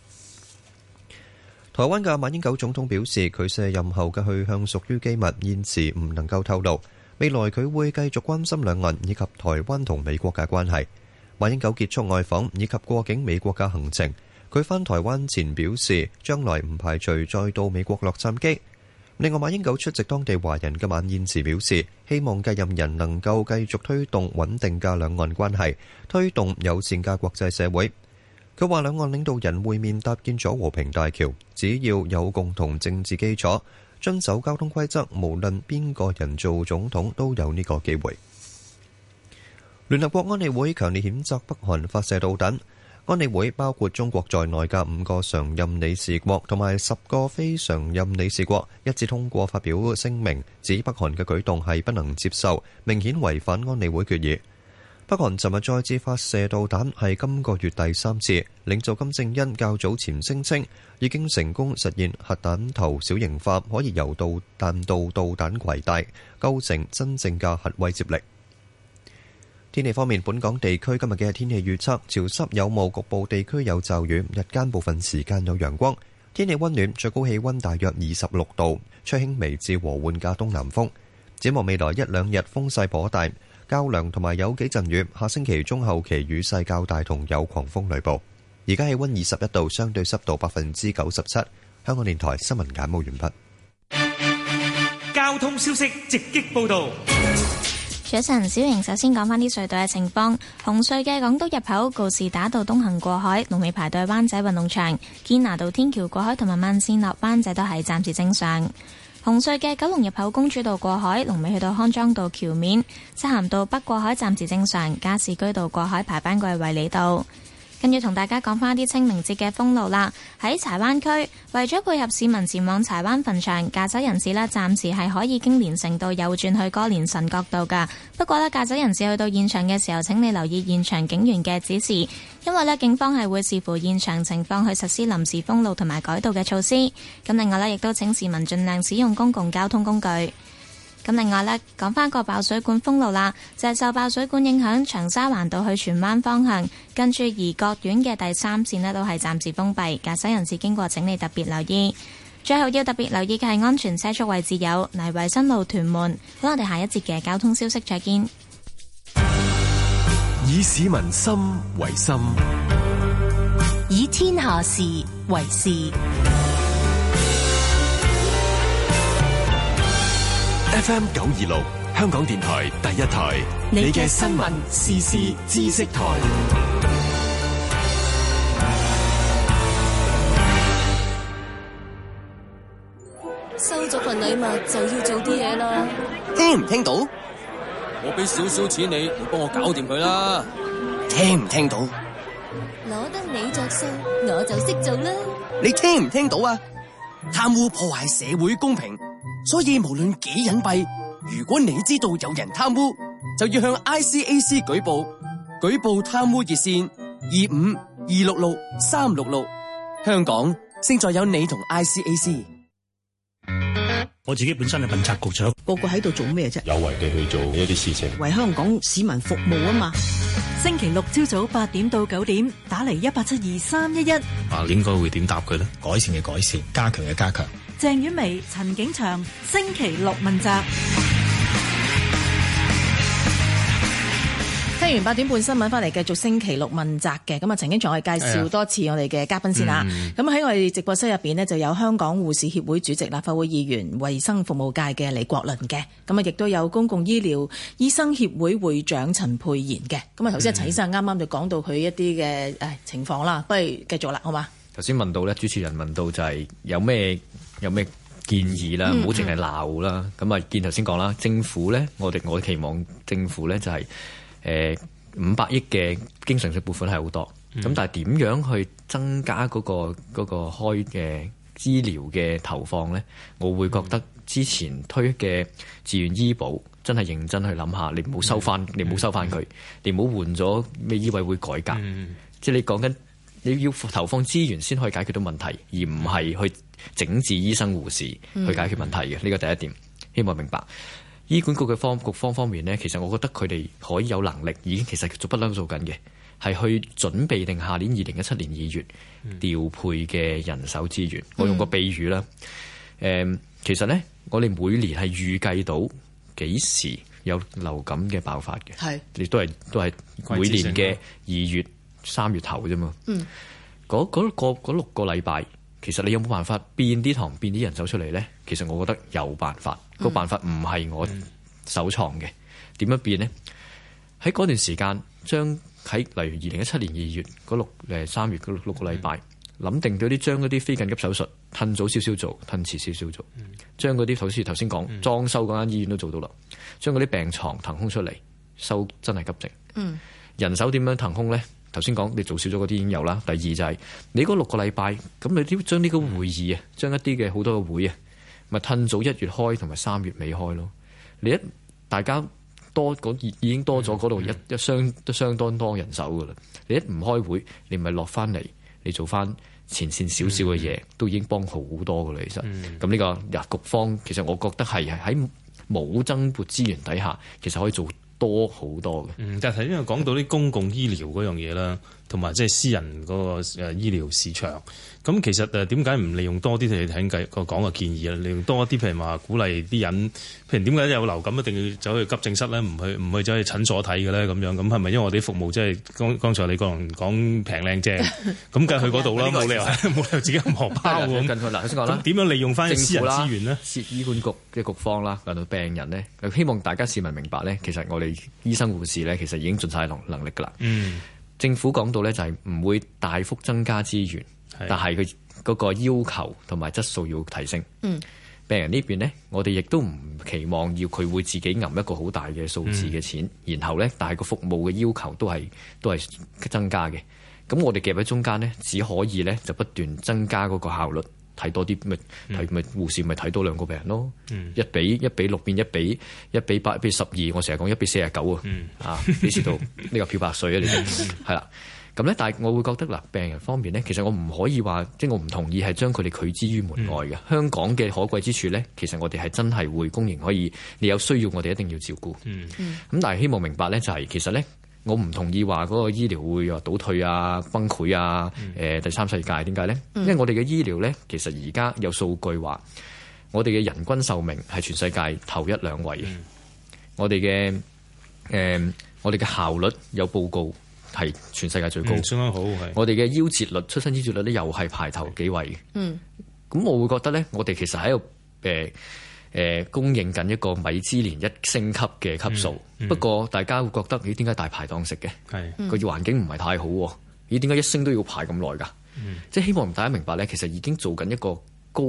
Speaker 1: 台灣嘅馬英九總統表示，佢卸任後嘅去向屬於機密，現時唔能夠透露。未來佢會繼續關心兩岸以及台灣同美國嘅關係。馬英九結束外訪以及過境美國嘅行程，佢返台灣前表示，將來唔排除再到美國洛杉磯。另外，馬英九出席當地華人嘅晚宴時表示，希望繼任人能夠繼續推動穩定嘅兩岸關係，推動友善嘅國際社會。佢話：兩岸領導人會面搭建咗和平大橋，只要有共同政治基礎，遵守交通規則，無論邊個人做總統都有呢個機會。聯合國安理會強烈譴責北韓發射導彈，安理會包括中國在內嘅五個常任理事國同埋十個非常任理事國一致通過發表聲明，指北韓嘅舉動係不能接受，明顯違反安理會決議。北韓尋日再次發射導彈，係今個月第三次。領袖金正恩較早前聲稱已經成功實現核彈頭小型化，可以由導彈到導彈攜帶，構成真正嘅核威懾力。天氣方面，本港地區今日嘅天氣預測潮濕有霧，局部地區有驟雨，日間部分時間有陽光，天氣溫暖，最高氣温大約二十六度，吹輕微至和緩嘅東南風。展望未來一兩日，風勢頗大。交梁同埋有幾陣雨，下星期中後期雨勢較大同有狂風雷暴。而家氣溫二十一度，相對濕度百分之九十七。香港電台新聞簡報完畢。
Speaker 2: 交通消息直擊報道。
Speaker 3: 早晨，小瑩首先講翻啲隧道嘅情況。紅隧嘅港島入口告士打道東行過海、龍尾排隊、灣仔運動場、堅拿道天橋過海同埋慢線落灣仔都係暫時正常。紅隧嘅九龍入口公主道過海，龍尾去到康莊道橋面；漆咸道北過海暫時正常，加士居道過海排班去到衞理道。跟住同大家講翻啲清明節嘅封路啦。喺柴灣區，為咗配合市民前往柴灣墳場，駕駛人士呢暫時係可以經連城道右轉去歌連臣角度角道噶。不過呢，駕駛人士去到現場嘅時候，請你留意現場警員嘅指示，因為呢警方係會視乎現場情況去實施臨時封路同埋改道嘅措施。咁另外呢，亦都請市民盡量使用公共交通工具。咁另外咧，講返個爆水管封路啦，就係受爆水管影響，長沙環道去荃灣方向跟住二角段嘅第三綫呢，都係暫時封閉，駕駛人士經過，請你特別留意。最後要特別留意嘅係安全車速位置有，泥衛新路屯門。好，我哋下一節嘅交通消息再見。
Speaker 1: 以市民心為心，
Speaker 3: 以天下事為事。
Speaker 1: FM 九二六，香港電台第一台，你嘅新聞時事知識台。
Speaker 3: 收咗份禮物就要做啲嘢啦。聽
Speaker 6: 唔聽到？我俾少少錢你，你幫我搞掂佢啦。聽唔聽到？
Speaker 3: 攞得你着數，我就識做啦。
Speaker 6: 你聽唔聽到啊？貪污破壞社會公平。所以無論幾隱蔽，如果你知道有人貪污，就要向 ICAC 舉報。舉報貪污熱線：二五二六六三六六。香港勝在有你
Speaker 5: 同 ICAC。
Speaker 2: 我自己本身係問責局長，個個喺度做咩啫？有為地去做一啲事情，
Speaker 5: 為香港市民服務啊嘛。星期六朝早八點到九點，打嚟一八七二三一
Speaker 2: 一。啊，應該會點答佢咧？改善嘅改善，加強嘅加強。
Speaker 5: 鄭婉薇、陳景祥，星期六問責。聽完八點半新聞，翻嚟，繼續星期六問責嘅咁啊。陳景祥，我哋介紹多次我，哎嗯、我哋嘅嘉賓先啦。咁喺我哋直播室入邊呢，就有香港護士協會主席、立法會議員、衛生服務界嘅李國麟嘅。咁啊，亦都有公共醫療醫生協會會長陳沛然嘅。咁啊，頭先陳醫生啱啱就講到佢一啲嘅誒情況啦，不如繼續啦，好嘛？
Speaker 6: 頭先問到咧，主持人問到就係有咩？有咩建議啦？唔好淨係鬧啦。咁、嗯、啊，見頭先講啦，政府咧，我哋我期望政府咧就係誒五百億嘅經常性撥款係好多咁、嗯，但係點樣去增加嗰、嗰個嗰、嗰個、開嘅醫療嘅投放咧？我會覺得之前推嘅自願醫保、嗯、真係認真去諗下，你唔好收翻、嗯，你唔好收翻佢、嗯，你唔好換咗咩醫委會改革，即係你講緊你要投放資源先可以解決到問題，而唔係去。整治醫生護士去解決問題嘅。呢個第一點、嗯，希望明白醫管局嘅方局方方面呢，其實我覺得佢哋可以有能力，已經其實做不嬲做緊嘅，係去準備定下年二零一七年二月調配嘅人手資源、嗯。我用個比喻啦，誒、嗯，其實呢，我哋每年係預計到幾時有流感嘅爆發嘅，係亦都係都係每年嘅二月三月頭啫嘛。嗯，嗰嗰六個禮拜。其實你有冇辦法變啲牀，變啲人手出嚟呢？其實我覺得有辦法，個辦法唔係我首創嘅。點、嗯嗯、樣變呢？喺嗰段時間，將喺例如二零一七年二月嗰六誒三月嗰六個禮拜，諗、嗯、定咗啲將嗰啲非緊急手術吞早少少做，吞遲少少做，做嗯、將嗰啲好似頭先講裝修嗰間醫院都做到啦，將嗰啲病床騰空出嚟收真係急症。嗯、人手點樣騰空呢？頭先講你做少咗嗰啲應有啦，第二就係、是、你嗰六個禮拜，咁你都將呢個會議啊，將、嗯、一啲嘅好多嘅會啊，咪褪早一月開同埋三月尾開咯。你一大家多嗰已經經多咗嗰度一一相都相當多人手噶啦。你一唔開會，你咪落翻嚟，你做翻前線少少嘅嘢，都已經幫好多噶啦。其實咁呢、嗯這個日局方其實我覺得係喺冇增撥
Speaker 2: 資源底下，其實可以做。多好多嘅，嗯，但係因為講到啲公共醫療嗰樣嘢啦。同埋即係私人嗰個誒醫療市場咁，其實誒點解唔利用多啲？你睇緊個講嘅建議啊，利用多啲，譬如話鼓勵啲人，譬如點解有流感一定要走去急症室咧，唔去唔去走去診所睇嘅咧？咁樣咁係咪因為我哋啲服務即係剛剛才你可能講平靚正？咁， 梗係去嗰度啦，冇理由冇 理由自己咁荷包咁。嗱 那，先 啦那，點 那 樣利用翻私人資
Speaker 6: 源咧？醫管 局
Speaker 2: 嘅局方啦，令到病人呢，希
Speaker 6: 望大家市民明白呢，其實我哋醫生護士呢，其實已經盡晒能能力噶啦。嗯。政府講到呢，就係唔會大幅增加資源，但係佢嗰個要求同埋質素要提升。嗯、病人呢邊呢，我哋亦都唔期望要佢會自己揞一個好大嘅數字嘅錢、嗯，然後呢，但係個服務嘅要求都係都係增加嘅。咁我哋夾喺中間呢，只可以呢，就不斷增加嗰個效率。睇多啲咪睇咪護士咪睇多兩個病人咯，嗯、一比一比六變一比一比八一比十二，我成日講一比四十九啊，啊，你知道呢 個漂白水啊，你係啦咁咧。但係我會覺得嗱，病人方面咧，其實我唔可以話，即係我唔同意係將佢哋拒之於門外嘅、嗯。香港嘅可貴之處咧，其實我哋係真係會公營可以，你有需要我哋一定要照顧。咁、嗯嗯、但係希望明白咧，就係、是、其實咧。我唔同意話嗰個醫療會話倒退啊、崩潰啊、誒、嗯呃、第三世界點解咧？因為我哋嘅醫療咧，其實而家有數據話，我哋嘅人均壽命係全世界頭一兩位嘅、嗯，我哋嘅誒我哋嘅效率有報告係全世界最高，嗯、相當好係。我哋嘅夭折率、出生夭折率咧，又係排頭幾位嘅。嗯，咁我會覺得咧，我哋其實喺度。誒、呃。誒、呃、供應緊一個米芝蓮一星級嘅級數、嗯嗯，不過大家會覺得咦？點解大排檔食嘅？係、嗯、個環境唔係太好。咦？點解一星都要排咁耐㗎？即係希望大家明白咧，其實已經做緊一個高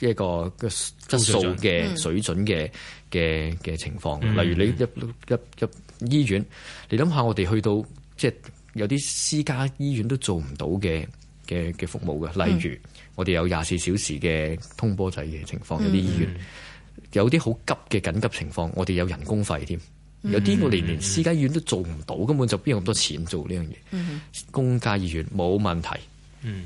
Speaker 6: 一個嘅質素嘅水準嘅嘅嘅情況。例如你入、嗯、入入、入醫院，你諗下我哋去到即係、就是、有啲私家醫院都做唔到嘅嘅嘅服務嘅，例如。嗯我哋有廿四小時嘅通波仔嘅情況，有啲醫院有啲好急嘅緊急情況，我哋有人工費添，
Speaker 3: 有啲我連
Speaker 6: 連私家醫院都做唔到，根本就邊有咁多錢做呢樣嘢。公家醫院冇問題，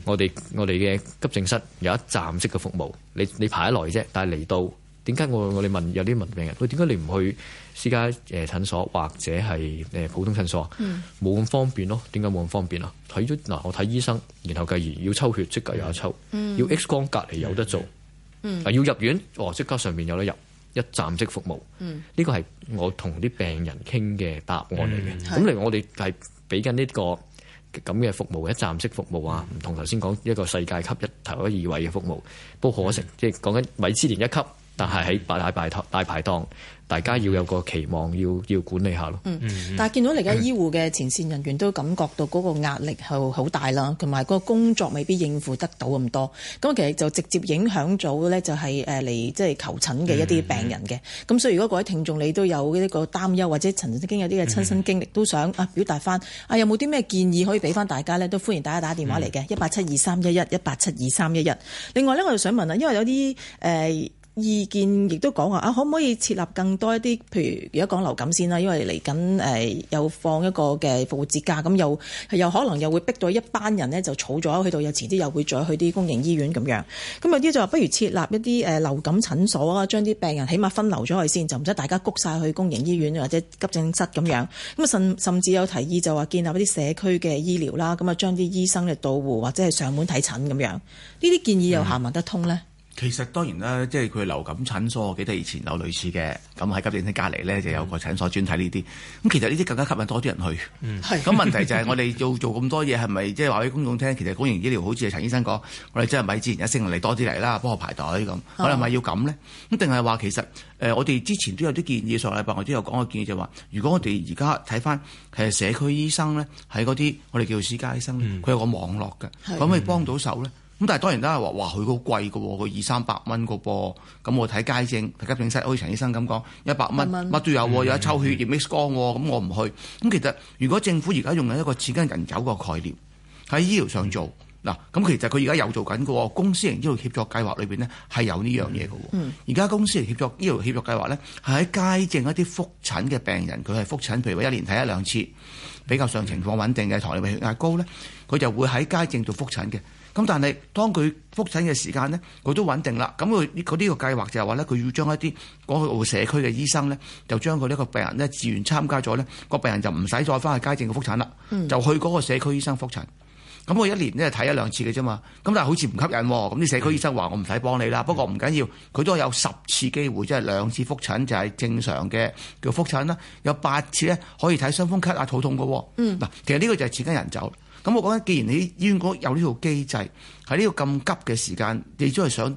Speaker 6: 我哋我哋嘅急症室有一站式嘅服務，你你排得耐啫，但係嚟到點解我我哋問有啲文明人，佢點解你唔去？私家誒診所或者係誒普通診所，冇、嗯、咁方便咯。點解冇咁方便啊？睇咗嗱，我睇醫生，然後繼而要抽血，即刻有得抽、嗯；要 X 光，隔離有得做、嗯；要入院，哦，即刻上面有得入，一站式服務。呢個係我同啲病人傾嘅答案嚟嘅。咁、嗯、嚟，我哋係俾緊呢個咁嘅、這個、服務，一站式服務啊，唔、嗯、同頭先講一個世界級一頭一二位嘅服務，不可成即係講緊米芝蓮一級，但係喺八大擺大排檔，大家要有個期望要，要要管理下咯。嗯，
Speaker 5: 但係見到而家醫護嘅前線人員都感覺到嗰個壓力係好大啦，同埋個工作未必應付得到咁多。咁其實就直接影響咗呢，就係誒嚟即係求診嘅一啲病人嘅。咁、嗯嗯、所以如果各位聽眾你都有呢個擔憂，或者曾經有啲嘅親身經歷，都想啊表達翻啊，有冇啲咩建議可以俾翻大家呢？都歡迎大家打電話嚟嘅，一八七二三一一一八七二三一一。另外呢，我就想問啊，因為有啲誒。呃意見亦都講話啊，可唔可以設立更多一啲？譬如而家講流感先啦，因為嚟緊誒又放一個嘅復活節假，咁又又可能又會逼到一班人呢就儲咗去到，有遲啲又會再去啲公營醫院咁樣。咁有啲就話不如設立一啲流感診所啊，將啲病人起碼分流咗去先，就唔使大家谷晒去公營醫院或者急症室咁樣。咁啊，甚甚至有提議就話建立一啲社區嘅醫療啦，咁啊將啲醫生咧到戶或者係上門睇診咁樣。呢啲建議又行唔行得通呢？嗯
Speaker 4: 其實當然啦，即係佢流感診所我記得以前有類似嘅，咁喺急症室隔離咧就有個診所專睇呢啲。咁其實呢啲更加吸引多啲人去。
Speaker 5: 咁、嗯、問題就係我哋
Speaker 4: 要做咁多嘢，係咪即係話俾公眾聽？其實公營醫療好似陳醫生講，我哋真係咪自然有性能一聲嚟多啲嚟啦，幫我排隊咁？可能咪要咁呢？咁定係話其實誒、呃，我哋之前都有啲建議，上個禮拜我都有講嘅建議，就係、是、話如果我哋而家睇翻係社區醫生咧，喺嗰啲我哋叫做私家醫生，佢、嗯、有個網絡嘅，可唔可以幫到手咧？咁但係當然都係話，哇！佢好貴㗎喎，佢二三百蚊個噃。咁我睇街症，睇急症室好似陳醫生咁講，一百蚊乜都有，有抽血液 miss 光。咁、嗯嗯嗯、我唔去。咁其實如果政府而家用緊一個錢跟人走」嘅概念喺醫療上做嗱，咁其實佢而家有做緊嘅喎。公私營醫療協作計劃裏面咧係有呢樣嘢㗎喎。而、嗯、家、嗯、公私營協作醫療協作計劃咧係喺街症一啲覆診嘅病人，佢係覆診，譬如話一年睇一兩次。比較上情況穩定嘅糖尿病、血壓高咧，佢就會喺街症度覆診嘅。咁但係當佢覆診嘅時間咧，佢都穩定啦。咁佢呢啲個計劃就係話咧，佢要將一啲嗰澳社區嘅醫生咧，就將佢呢個病人咧，自願參加咗咧，個病人就唔使再返去街症嘅覆診啦，就去嗰個社區醫生覆診。咁我一年都係睇一兩次嘅啫嘛，咁但係好似唔吸引喎，咁啲社區醫生話我唔使幫你啦，嗯、不過唔緊要，佢都有十次機會，即係兩次復診就係正常嘅叫復診啦，有八次咧可以睇傷風咳啊、肚痛嘅喎。嗯，嗱，其實呢個就係刺激人走。咁我覺得，既然你醫院嗰有呢條機制，喺呢個咁急嘅時間，你都係想啲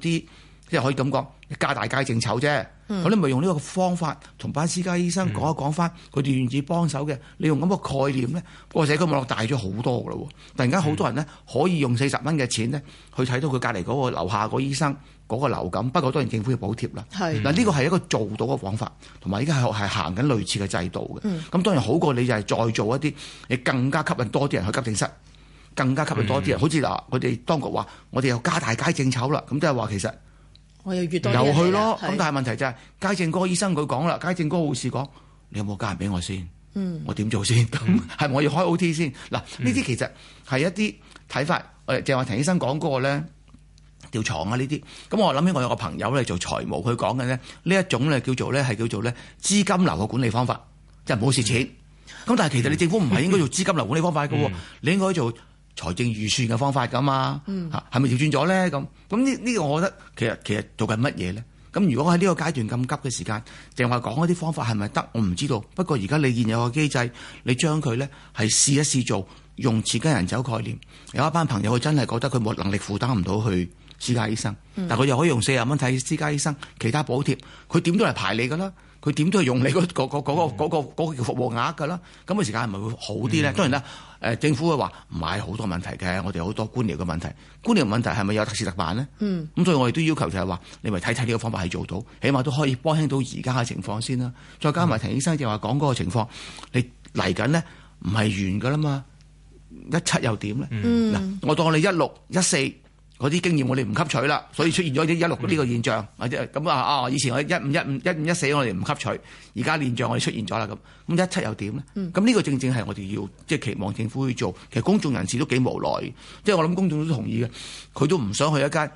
Speaker 4: 即係可以咁講，加大街症籌啫。我哋咪用呢個方法同班私家醫生講一講翻，佢哋、嗯、願意幫手嘅。你用咁個概念咧，個社交網絡大咗好多噶啦喎！突然間好多人咧可以用四十蚊嘅錢咧去睇到佢隔離嗰個樓下個醫生嗰個流感。不過當然政府要補貼啦。係嗱是，呢個係一個做到嘅方法，同埋依家係係行緊類似嘅制度嘅。咁、嗯、當然好過你，就係再做一啲，你更加吸引多啲人去急症室，更加吸引多啲人。嗯、好似嗱，我哋當局話，我哋又加大街症籌啦。咁即係話其實。
Speaker 5: 我又有越去咯，咁但係
Speaker 4: 問題就係、是、街正哥醫生佢講啦，街正哥護士講，你有冇家人俾我先？嗯、我點做先？係、嗯、 我要開 O T 先？嗱，呢啲其實係一啲睇法，誒、嗯，就係陳醫生講嗰個咧，吊床啊呢啲。咁、嗯、我諗起我有個朋友咧做財務，佢講嘅呢呢一種咧叫做咧係叫做咧資金流嘅管理方法，即係冇蝕錢。咁、嗯、但係其實你政府唔係應該做資金流管理方法喎、嗯，你應該做。財政預算嘅方法咁啊嚇，係咪調轉咗咧？咁咁呢呢個，我覺得其實其實做緊乜嘢咧？咁如果喺呢個階段咁急嘅時間，淨係講一啲方法係咪得？我唔知道。不過而家你現有嘅機制，你將佢咧係試一試做，用自己人走概念，有一班朋友佢真係覺得佢冇能力負擔唔到去私家醫生，嗯、但佢又可以用四十蚊睇私家醫生，其他補貼佢點都係排你噶啦。佢點都係用你嗰、嗰個叫、嗰個嗰個嗰個嗰個、服務額㗎啦，咁、那、嘅、個、時間係咪會好啲咧、嗯？當然啦、呃，政府會話唔係好多問題嘅，我哋好多官僚嘅問題，官僚問題係咪有特事特辦咧？嗯，咁所以我哋都要求就係話，你咪睇睇呢個方法係做到，起碼都可以幫輕到而家嘅情況先啦、啊。再加埋陳醫生就話講嗰個情況，嗯、你嚟緊咧唔係完㗎啦嘛，一七又點咧？嗱、嗯，我當你一六一四。嗰啲經驗我哋唔吸取啦，所以出現咗啲一六呢個現象，嗯、或者咁啊啊！以前1515，我一五一五一五一四我哋唔吸取，而家現象我哋出現咗啦，咁，咁一七又點咧？咁、嗯、呢個正正係我哋要即係、就是、期望政府去做。其實公眾人士都幾無奈即係、就是、我諗公眾都同意嘅，佢都唔想去一間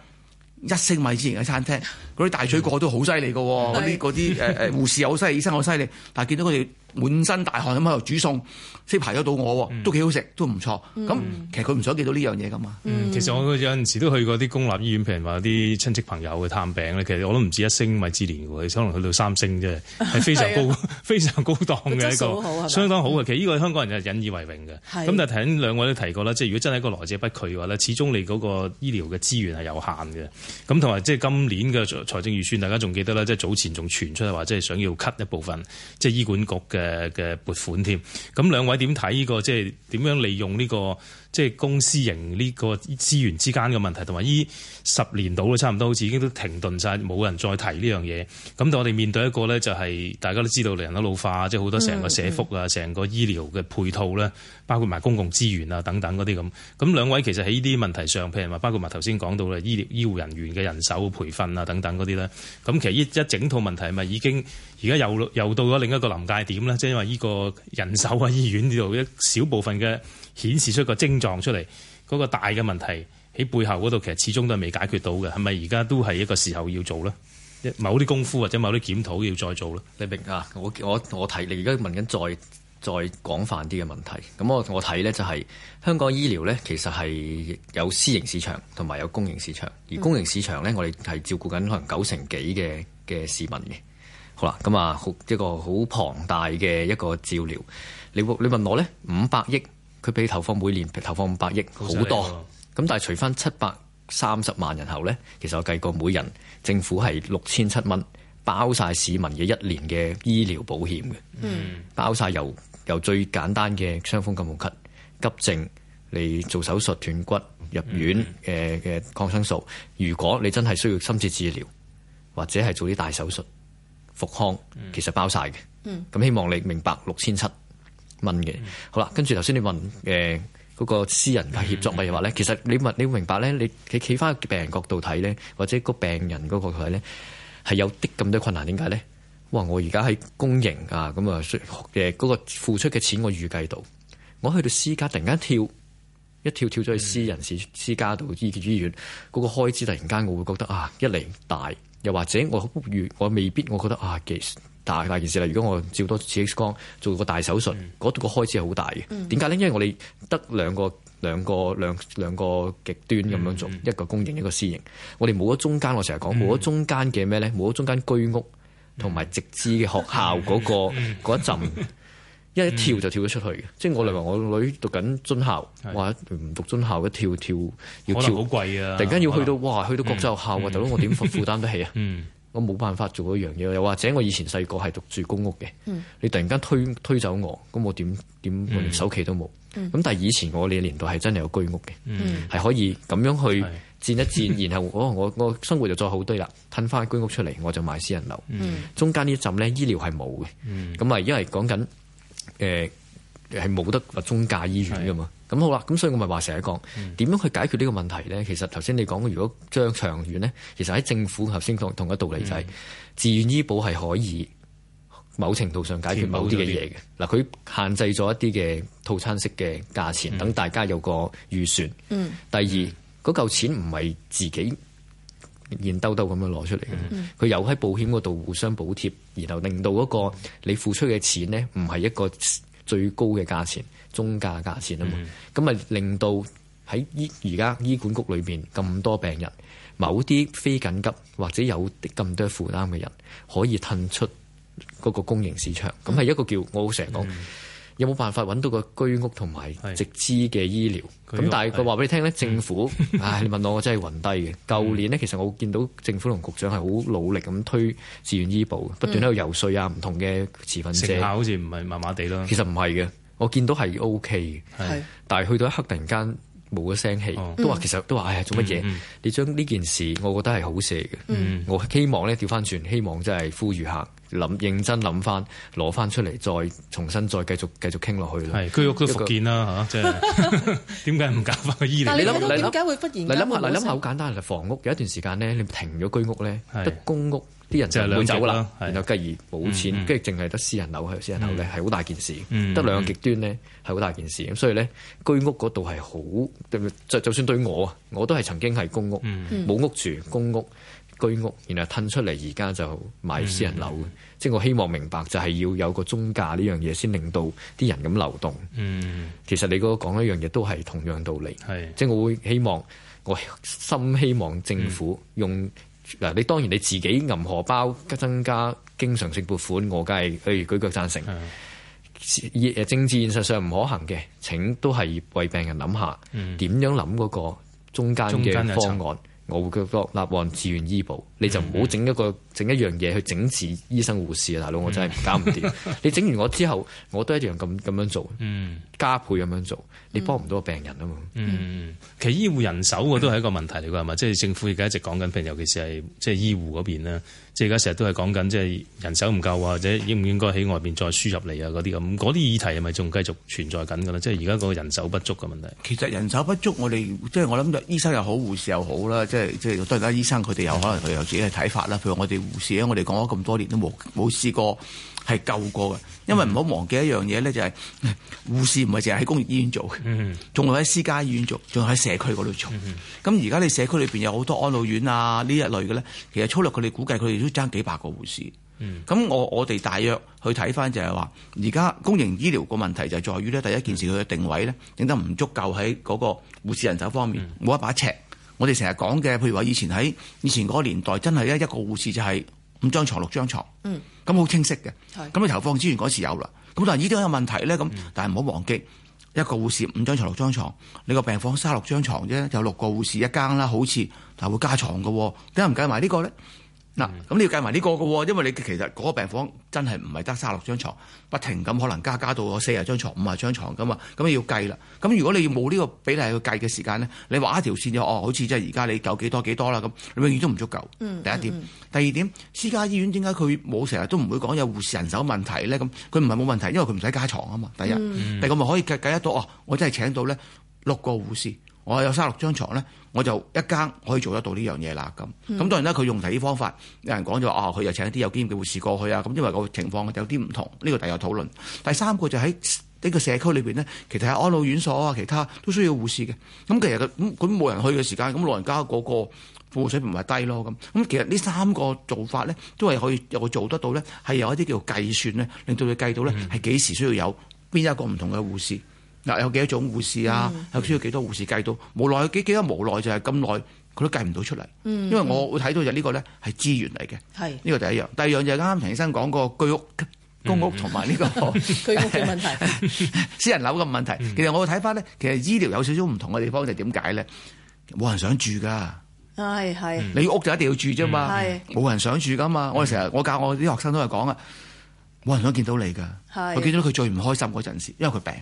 Speaker 4: 一星米芝蓮嘅餐廳，嗰啲大水個都好犀利嘅，嗰啲嗰啲誒誒護士好犀利，醫生好犀利，但係見到佢哋。滿身大汗咁喺度煮餸，先排得到我，都幾好食、嗯，都唔錯。咁、嗯、其實佢唔想見到呢樣嘢噶嘛嗯。嗯，其實我
Speaker 2: 有陣時都去過啲公立醫院，譬如話啲親戚朋友去探病咧，其實我都唔止一星，咪至年喎，可能去到三星啫，係非常高、非常高檔嘅一個好，相當好嘅。其實呢個香港人就引以為榮嘅。咁但係提兩位都提過啦，即係如果真係一個來者不拒嘅話咧，始終你嗰個醫療嘅資源係有限嘅。咁同埋即係今年嘅財政預算，大家仲記得啦，即係早前仲傳出嚟話，即係想要 cut 一部分，即、就、係、是、醫管局嘅。嘅嘅撥款添，咁兩位點睇呢個？即係點樣利用呢個？即係公私營呢個資源之間嘅問題，同埋依十年度咧，差唔多好似已經都停頓晒，冇人再提呢樣嘢。咁但我哋面對一個咧、就是，就係大家都知道，嚟人都老化，即係好多成個社福啊、成、嗯嗯、個醫療嘅配套咧，包括埋公共資源啊等等嗰啲咁。咁兩位其實喺呢啲問題上，譬如話包括埋頭先講到嘅醫療、醫護人員嘅人手培訓啊等等嗰啲咧，咁其實一整套問題咪已經而家又又到咗另一個臨界點咧，即係因為呢個人手啊、醫院呢度一小部分嘅。顯示出一個症狀出嚟，嗰、嗰個大嘅問題喺背後嗰度，其實始終都係未解決到嘅。係咪而家都係一個時候要做咧？某啲功夫或者某啲檢討要再做咧？你明啊？我
Speaker 6: 我我睇你而家問緊，再再廣泛啲嘅問題。咁我我睇呢、就係，就係香港醫療呢，其實係有私營市場同埋有公營市場。而公營市場呢，嗯、我哋係照顧緊可能九成幾嘅嘅市民嘅。好啦，咁啊，一個好龐大嘅一個照料。你你問我呢，五百億。佢俾投放每年投放五百億，好多咁，但係除返七百三十萬人後呢，其實我計過每人政府係六千七蚊包晒市民嘅一年嘅醫療保險嘅，嗯，包晒由由最簡單嘅傷風感冒咳急症嚟做手術斷骨入院，嘅、嗯呃、抗生素，如果你真係需要深切治療或者係做啲大手術復康，其實包晒嘅，咁、嗯嗯、希望你明白六千七。6, 問嘅好啦，跟住頭先你問誒嗰、呃嗰個私人嘅協作計劃咧，其實你問你會明白咧，你企企翻個病人角度睇咧，或者個病人嗰個佢咧係有啲咁多困難，點解咧？哇！我而家喺公營啊，咁啊誒嗰個付出嘅錢我預計到，我去到私家突然間跳一跳跳咗去私人、嗯、私家度醫醫院，嗰、嗰個開支突然間我會覺得啊一嚟大，又或者我我未必我覺得啊大大件事啦！如果我照多次 X 光，做個大手術，嗰、嗯度個開支係好大嘅。點解咧？因為我哋得兩個兩個兩兩個極端咁樣做，嗯、一個公營一個私營。我哋冇咗中間，我成日講冇咗中間嘅咩咧？冇咗中間居屋同埋直資嘅學校嗰、嗰個嗰、嗯、一陣、嗯，一跳就跳咗出去嘅、嗯。即係我嚟話，我女讀緊中校、嗯，哇！唔讀中校，一跳跳要跳好貴啊！突然間要去到哇，去到國際學校啊！大、嗯、佬，我點負負擔得起啊？嗯嗯我冇辦法做一樣嘢，又或者我以前細個係獨住公屋嘅，嗯、你突然間推推走我，咁我點點連首期都冇。咁、嗯、但係以前我哋年代係真係有居屋嘅，係、嗯、可以咁樣去戰一戰，是 然後哦我我，我生活就再好啲啦，吞翻居屋出嚟我就買私人樓。嗯嗯、中間呢一陣咧，醫療係冇嘅，咁啊、嗯、因為講緊誒係冇得話中介醫院噶嘛。是咁、嗯、好啦，咁所以我咪話成日講點樣去解決呢個問題咧、嗯？其實頭先你講，如果將長遠咧，其實喺政府頭先講同一道理、就係，就、嗯、係自願醫保係可以某程度上解決某啲嘅嘢嘅。嗱，佢限制咗一啲嘅套餐式嘅價錢，等、嗯、大家有個預算。嗯、第二嗰嚿錢唔係自己現兜兜咁樣攞出嚟嘅，佢、嗯、有喺保險嗰度互相補貼，然後令到嗰個你付出嘅錢咧，唔係一個最高嘅價錢。中價價錢啊嘛，咁、嗯、咪令到喺醫而家醫管局裏邊咁多病人，某啲非緊急或者有啲咁多負擔嘅人，可以騰出嗰個公營市場，咁、嗯、係一個叫我好成日講，有冇辦法揾到個居屋同埋直資嘅醫療？咁但係佢話俾你聽咧，政府、嗯、唉，你問我我真係暈低嘅。舊、嗯、年咧，其實我見到政府同局長係好努力咁推自願醫保，不斷喺度游説啊，唔、嗯、同嘅持份者，好似唔係麻麻地啦，其實唔係嘅。我見到係 O K 但係去到一刻突然間冇咗聲氣，哦、都話、嗯、其實都話唉、哎、做乜嘢、嗯嗯？你將呢件事，我覺得係好事嚟嘅。我希望咧調翻轉，希望真係呼籲下，諗認真諗翻，攞翻出嚟，再重新再繼續繼續傾落去咯。居屋佢復建啦嚇，真係點解唔搞翻個、啊就是、 醫療？你諗點解你諗下，你諗下好簡單，嚟房屋有一段時間咧，你停咗居屋咧，得公屋。啲人就會走啦、就是，然後繼而冇錢，跟住淨係得私人樓係私人樓咧，係好大件事。得、嗯、兩個極端咧，係好大件事。咁、嗯、所以咧，居屋嗰度係好就就算對我啊，我都係曾經係公屋冇、嗯、屋住，公屋居屋，然後騰出嚟而家就買私人樓嘅。即、嗯、係、就是、我希望明白就係要有個中價呢樣嘢先令到啲人咁流動、嗯。其實你嗰講一樣嘢都係同樣道理。即係、就是、我會希望，我深希望政府用。嗱，你當然你自己揞荷包增加經常性撥款，我梗係例如舉腳贊成。現誒，政治現實上唔可行嘅，請都係為病人諗下點樣諗嗰個中間嘅方案。我會叫方立旺自願醫保，你就唔好整一個整 一樣嘢去整治醫生護士啊！大佬，我真係搞唔掂。
Speaker 2: 你整完我之後，我都一樣咁咁樣做，加倍咁樣做，你幫唔到個病人啊嘛、嗯
Speaker 6: 嗯。
Speaker 2: 其實醫護人手都係一個問題嚟㗎，係、嗯、咪？即係政府而家一直講緊，譬如尤其是係即係醫護嗰邊咧。即係而家成日都係講緊，即係人手唔夠啊，或者應唔應該喺外邊再輸入嚟啊，嗰啲咁。嗰啲議題係咪仲繼續存在緊㗎喇？即係而家嗰個人手不足嘅問題。
Speaker 4: 其實人手不足，我哋即係我諗，醫生又好，護士又好啦。即係即係都係睇醫生，佢哋有可能佢有自己嘅睇法啦。譬如我哋護士咧，我哋講咗咁多年都冇冇試過係救過嘅。嗯、因為唔好忘記一樣嘢咧，就係、是嗯、護士唔係淨係喺公營醫院做嘅，仲會喺私家醫院做，仲喺社區嗰度做。咁而家你社區裏面有好多安老院啊呢一類嘅咧，其實粗略佢哋估計佢哋都爭幾百個護士。咁、嗯、我我哋大約去睇翻就係話，而家公營醫療個問題就係在於咧，第一件事佢嘅、嗯、定位咧定得唔足夠，喺嗰個護士人手方面冇、嗯、一把尺。我哋成日講嘅，譬如話以前喺以前嗰個年代，真係一個護士就係五張床、六張床。嗯咁好清晰嘅，咁你投放資源嗰時有啦，咁但係呢啲有問題咧，咁、嗯、但係唔好忘記一個護士五張床、六張床，你個病房三六張床啫，有六個護士一間啦，好似但會加床㗎喎。點解唔計埋呢個咧？嗱、嗯，咁你要計埋呢、這個嘅喎，因為你其實嗰個病房真係唔係得三十六張床，不停咁可能加加到我四十張床、五十張床嘅嘛，咁你要計啦。咁如果你冇呢個比例去計嘅時間咧，你畫一條線就哦，好似即係而家你夠幾多幾多啦咁，你永遠都唔足夠、嗯。第一點、嗯嗯，第二點，私家醫院點解佢冇成日都唔會講有護士人手問題咧？咁佢唔係冇問題，因為佢唔使加床啊嘛。第一，嗯、第二我咪可以計計得到哦，我真係請到咧六個護士。我有三六張床咧，我就一間可以做得到呢樣嘢啦。咁、嗯、咁當然啦，佢用提啲方法。有人講咗，啊，佢又請一啲有經驗嘅護士過去啊。咁因為個情況有啲唔同，呢、呢個第二有討論。第三個就喺呢個社區裏面呢，其實喺安老院所啊，其他都需要護士嘅。咁其實佢冇人去嘅時間，咁、嗯、老人家嗰個服務水平咪低咯。咁咁其實呢三個做法咧，都係可以又做得到咧，係有一啲叫做計算咧，令到佢計到咧，係幾時需要有邊一個唔同嘅護士。嗯有有幾多種護士啊？有需要幾多護士計到，嗯？無奈幾幾多無奈就係咁耐，佢都計唔到出嚟，嗯嗯。因為我會睇到就呢個咧係資源嚟嘅，係呢個第一樣。第二樣就係啱啱陳醫生講個居屋公屋同埋呢個居，嗯嗯啊、 屋嘅問題， 私人樓嘅問題，嗯。其實我會睇翻咧，其實醫療有少少唔同嘅地方就係點解咧，冇人想住噶，
Speaker 5: 係係你
Speaker 4: 屋就一定要住啫嘛，冇，嗯，人想住噶嘛。我成日我教我啲學生都係講啊，冇，嗯，人想見到你噶，我見到佢最唔開心嗰陣時，因為佢病。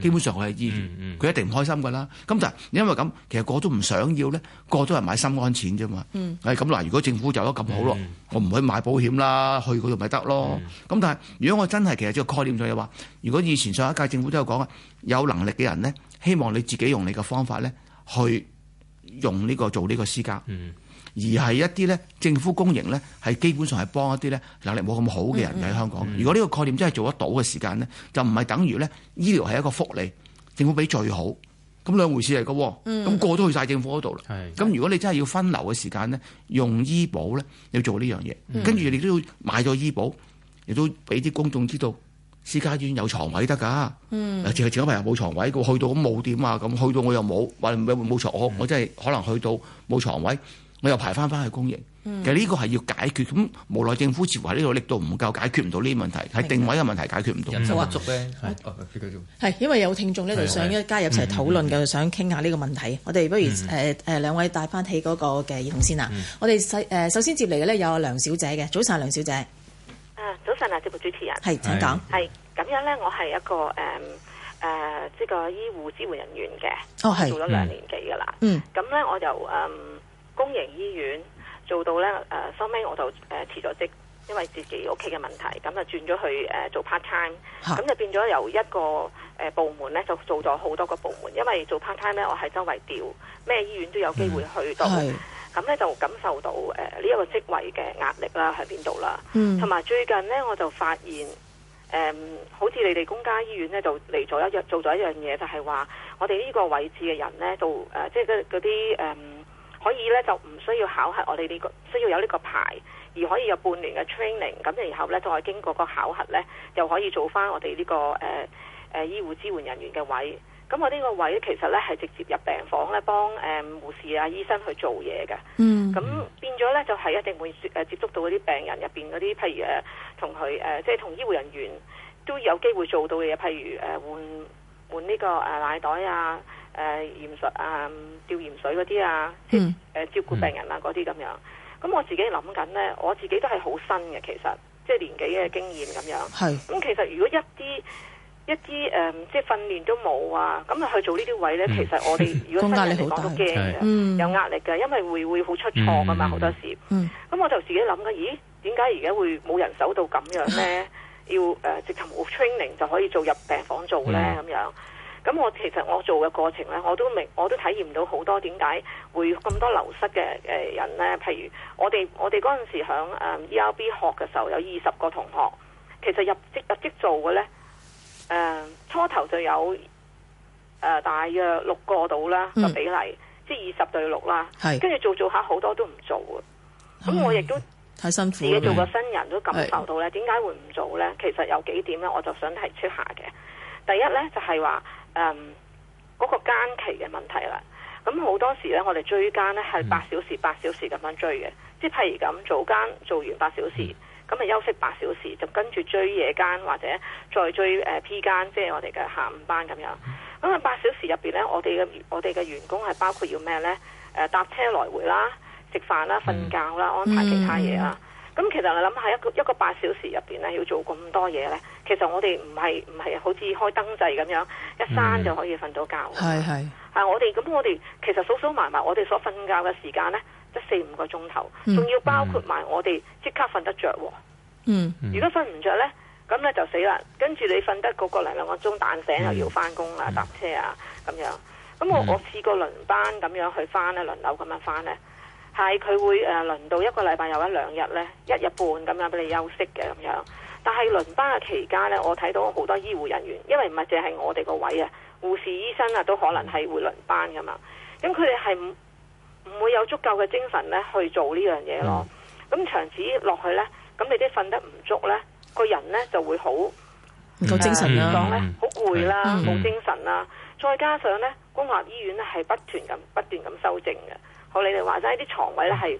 Speaker 4: 基本上我係依住，佢、嗯、一定唔開心噶啦。咁、嗯嗯、但係，因為咁，其實個都唔想要咧，個都係買心安錢啫嘛。誒咁嗱，如果政府就得咁好咯、嗯，我唔去買保險啦，去嗰度咪得咯。咁、嗯、但係，如果我真係其實呢個概念上嘅話，如果以前上一屆政府都有講啊，有能力嘅人咧，希望你自己用你嘅方法咧，去用呢個做呢個私家。嗯而係一啲咧，政府公營咧，係基本上係幫一啲咧能力冇咁好嘅人喺香港。如果呢個概念真係做得到嘅時間咧，就唔係等於咧醫療係一個福利，政府俾最好咁兩回事嚟嘅。咁過咗去晒政府嗰度啦。咁如果你真係要分流嘅時間咧，用醫保咧，要做呢樣嘢，跟住你都要買咗醫保，亦都俾啲公眾知道私家醫院有床位得㗎。
Speaker 7: 淨係請
Speaker 4: 咗朋友又冇床位，佢去到咁冇點啊？咁去到我又冇話冇冇牀，我我真係可能去到冇床位。我又排翻翻去公營，其實呢個係要解決咁，無奈政府似乎喺呢度力度唔夠，解決唔到呢啲問題，係定位嘅問題解決唔到。人手不足咧，
Speaker 5: 係、啊啊、因為有聽眾咧就想一加入一齊討論嘅、嗯嗯嗯，想傾下呢個問題。我哋不如誒誒、嗯嗯呃、兩位帶翻起嗰個嘅議題先啊。嗯嗯我哋首誒首先接嚟嘅咧有梁小姐嘅，早晨，梁小姐。啊，早
Speaker 7: 晨啊，節目主持人。係請講。係咁樣咧，我係一個誒誒、呃呃，即係個醫護支援人員嘅，哦，做咗兩年幾㗎喇。嗯，嗯呢，咁咧我就嗯。呃公營醫院做到呢，誒收尾我就誒、呃、辭咗職，因為自己屋企嘅問題，咁就轉咗去誒、呃、做 part time，咁、啊、就變咗由一個、呃、部門呢，就做咗好多個部門，因為做 part time 呢我喺周圍調咩醫院都有機會去到，咁、嗯、呢，就感受到誒呢一個職位嘅壓力啦，喺邊度啦，同埋最近呢，我就發現誒、嗯，好似你哋公家醫院呢，就嚟咗一做咗一樣嘢，就係、是、話我哋呢個位置嘅人呢，就誒、呃、即係嗰啲誒。可以咧就唔需要考核我哋呢、這個需要有呢個牌，而可以有半年嘅 training，咁然後咧再經過個考核咧，又可以做返我哋呢、這個誒誒、呃、醫護支援人員嘅位。咁我呢個位其實咧係直接入病房咧幫誒、呃、護士啊醫生去做嘢嘅。嗯、mm -hmm.。咁變咗咧就係、是、一定會誒接觸到嗰啲病人入邊嗰啲，譬如誒同佢誒即係同醫護人員都有機會做到嘅嘢，譬如誒、呃、換換呢、這個誒、呃、奶袋啊。誒、呃、鹽水、呃、吊鹽水啊，吊水嗰啲啊，誒、呃、照顧病人啊嗰啲咁樣。咁我自己諗緊呢，我自己都係好新嘅，其實即係年紀嘅經驗咁樣。咁、嗯、其實如果一啲一啲、呃、即係訓練都冇啊，咁啊去做呢啲位呢。其實我哋如果新人嚟講 都驚嘅，有壓力嘅，因為會會好出錯噶嘛，好、嗯、多時。咁、嗯、我就自己諗緊咦？點解而家會冇人手到咁樣呢？ 要誒、呃，直頭冇 training 就可以做入病房做呢？咁、嗯、樣？咁我其實我做嘅過程咧，我都明，我都體驗到好多點解會咁多流失嘅人咧。譬如我哋我哋嗰陣時響 E R B 學嘅時候，有二十個同學，其實入職入職做嘅咧，誒、呃、初頭就有、呃、大約六個度啦就比例，即二十對六啦。跟住做做下好多都唔做嘅。咁我亦都
Speaker 5: 太辛苦自己做個新
Speaker 7: 人都感受到咧，點解會唔做咧？其實有幾點咧，我就想提出下嘅。第一咧就係、是、話。Um, 那那嗯，嗰個間期嘅問題啦，咁好多時咧，我哋追間咧係八小時八小時咁樣追嘅，即係譬如咁早間做完八小時，咁、嗯、咪休息八小時，就跟住追夜間或者再追誒、呃、P 間，即、就、係、是、我哋嘅下午班咁樣。咁啊八小時入邊咧，我哋嘅我哋嘅員工係包括要咩咧？誒、呃，搭車來回啦，食飯啦，瞓覺啦、嗯，安排其他嘢啦。嗯咁其實我諗係一個一個八小時入面咧，要做咁多嘢咧。其實我哋唔係唔係好似開燈掣咁樣一閂就可以瞓到覺。係係係我哋咁，我哋其實數數埋埋，我哋所瞓覺嘅時間咧，得四五個鐘頭，仲要包括埋我哋即刻瞓得著。嗯，嗯，如果瞓唔著咧，咁咧就死啦。跟住你瞓得個個零兩個鐘，彈醒又要翻工啦，搭、嗯、車啊咁樣。咁我我試過輪班咁樣去翻咧，輪流咁樣翻咧。係佢會誒輪到一個禮拜有一兩日呢，一日半咁樣俾你休息嘅咁樣。但係輪班嘅期間呢，我睇到好多醫護人員，因為唔係淨係我哋個位啊，護士、醫生啊都可能係會輪班噶嘛。咁佢哋係唔唔會有足夠嘅精神呢去做呢樣嘢咯。咁長此落去呢，咁你啲瞓得唔足呢，個人呢就會好唔夠精神呢，好攰、嗯啊呃、啦，冇、嗯、精神啦、啊。再加上呢，公立醫院呢係不斷咁、不斷咁修正嘅。好，你哋話齋啲床位咧係，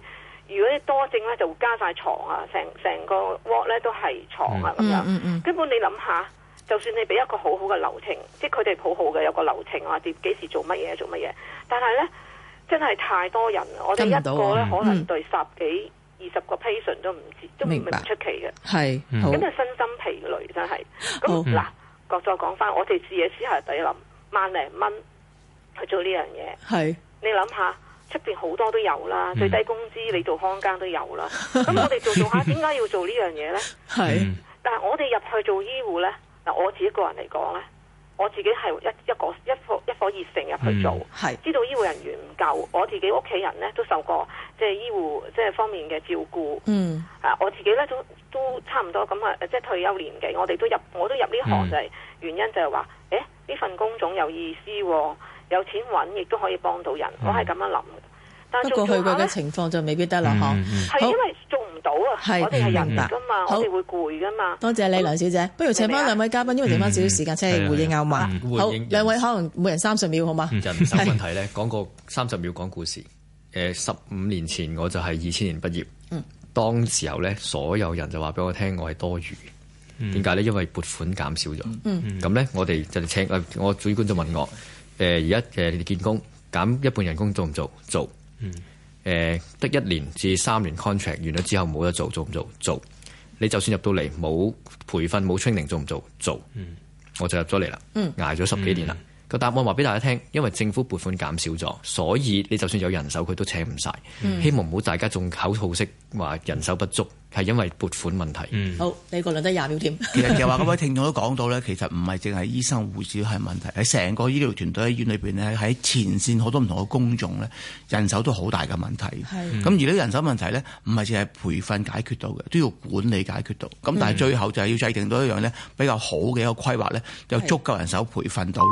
Speaker 7: 如果啲多症咧就會加晒床啊，成成個窩咧都係床啊咁、嗯、樣，根、嗯嗯嗯、本你諗下，就算你俾一個好好嘅流程，即係佢哋好好嘅有個流程啊，話幾時做乜嘢做乜嘢，但係咧真係太多人，我哋一個咧、嗯、可能對十幾、嗯、二十個 patient 都唔知明，都唔出奇嘅，係好咁就身心疲累真係。咁、嗯、嗱、嗯，再講翻我哋自己私下底諗，萬零蚊去做呢樣嘢，係你諗下。出邊好多都有啦，嗯、最低工資你做康間都有啦。咁、嗯、我哋做做下，點解要做呢樣嘢呢？
Speaker 5: 係、
Speaker 7: 嗯。但係我哋入去做醫護呢，嗱我自己個人嚟講呢，我自己係一一個一顆一顆熱誠入去做，係、嗯。知道醫護人員唔夠，我自己屋企人呢都受過即係、就是、醫護即係、就是、方面嘅照顧。嗯。啊，我自己呢都都差唔多咁啊，即、就、係、是、退休年紀，我哋都入我都入呢行就係、是嗯、原因就係話，誒、欸、呢份工種有意思、哦，有錢揾，亦都可以幫到人。嗯、我係咁樣諗。不過去過嘅
Speaker 5: 情況就未必得啦。嗬、嗯，係、嗯、因
Speaker 7: 為做唔到啊。係，我哋係人嚟㗎嘛，我哋會攰㗎。嘛、嗯。多謝你梁
Speaker 5: 小姐。不如請翻兩位嘉賓，嗯、因為剩翻少少時間，嗯、請你回應啊嘛。回、嗯、應兩位，可能每人三十秒，好嘛？
Speaker 7: 人
Speaker 6: 手問題咧，講個三十秒講故事。誒，十五年前我就係二千年畢業。嗯。當時候咧，所有人就話俾我聽，我係多餘嘅。點解咧？因為撥款減少咗。嗯。咁、嗯、咧，我哋就嚟請我主管就問我：誒、呃，而家你哋見工減一半人工，做唔做？做。嗯，誒、呃，得一年至三年 contract 完咗之後冇得做，做唔做？做，你就算入到嚟冇培訓冇 training，做唔做？做，嗯，我就入咗嚟啦，挨、嗯、咗十幾年啦。嗯個答案話俾大家聽，因為政府撥款減少咗，所以你就算有人手，佢都請唔晒、嗯。希望唔好大家仲口號
Speaker 4: 式話人手不足，係因為撥款問題。嗯、
Speaker 5: 好，你、 個兩得廿秒添。其實又話嗰位
Speaker 4: 聽眾都講到咧，其實唔係淨係醫生護士係問題，喺成個醫療團隊醫院裏面咧，喺前線好多唔同嘅工種咧，人手都好大嘅問題。咁而呢個人手問題咧，唔係淨係培訓解決到嘅，都要管理解決到。咁但係最後就係要制定到一樣咧比較好嘅一個規劃咧，有足夠人手培訓到。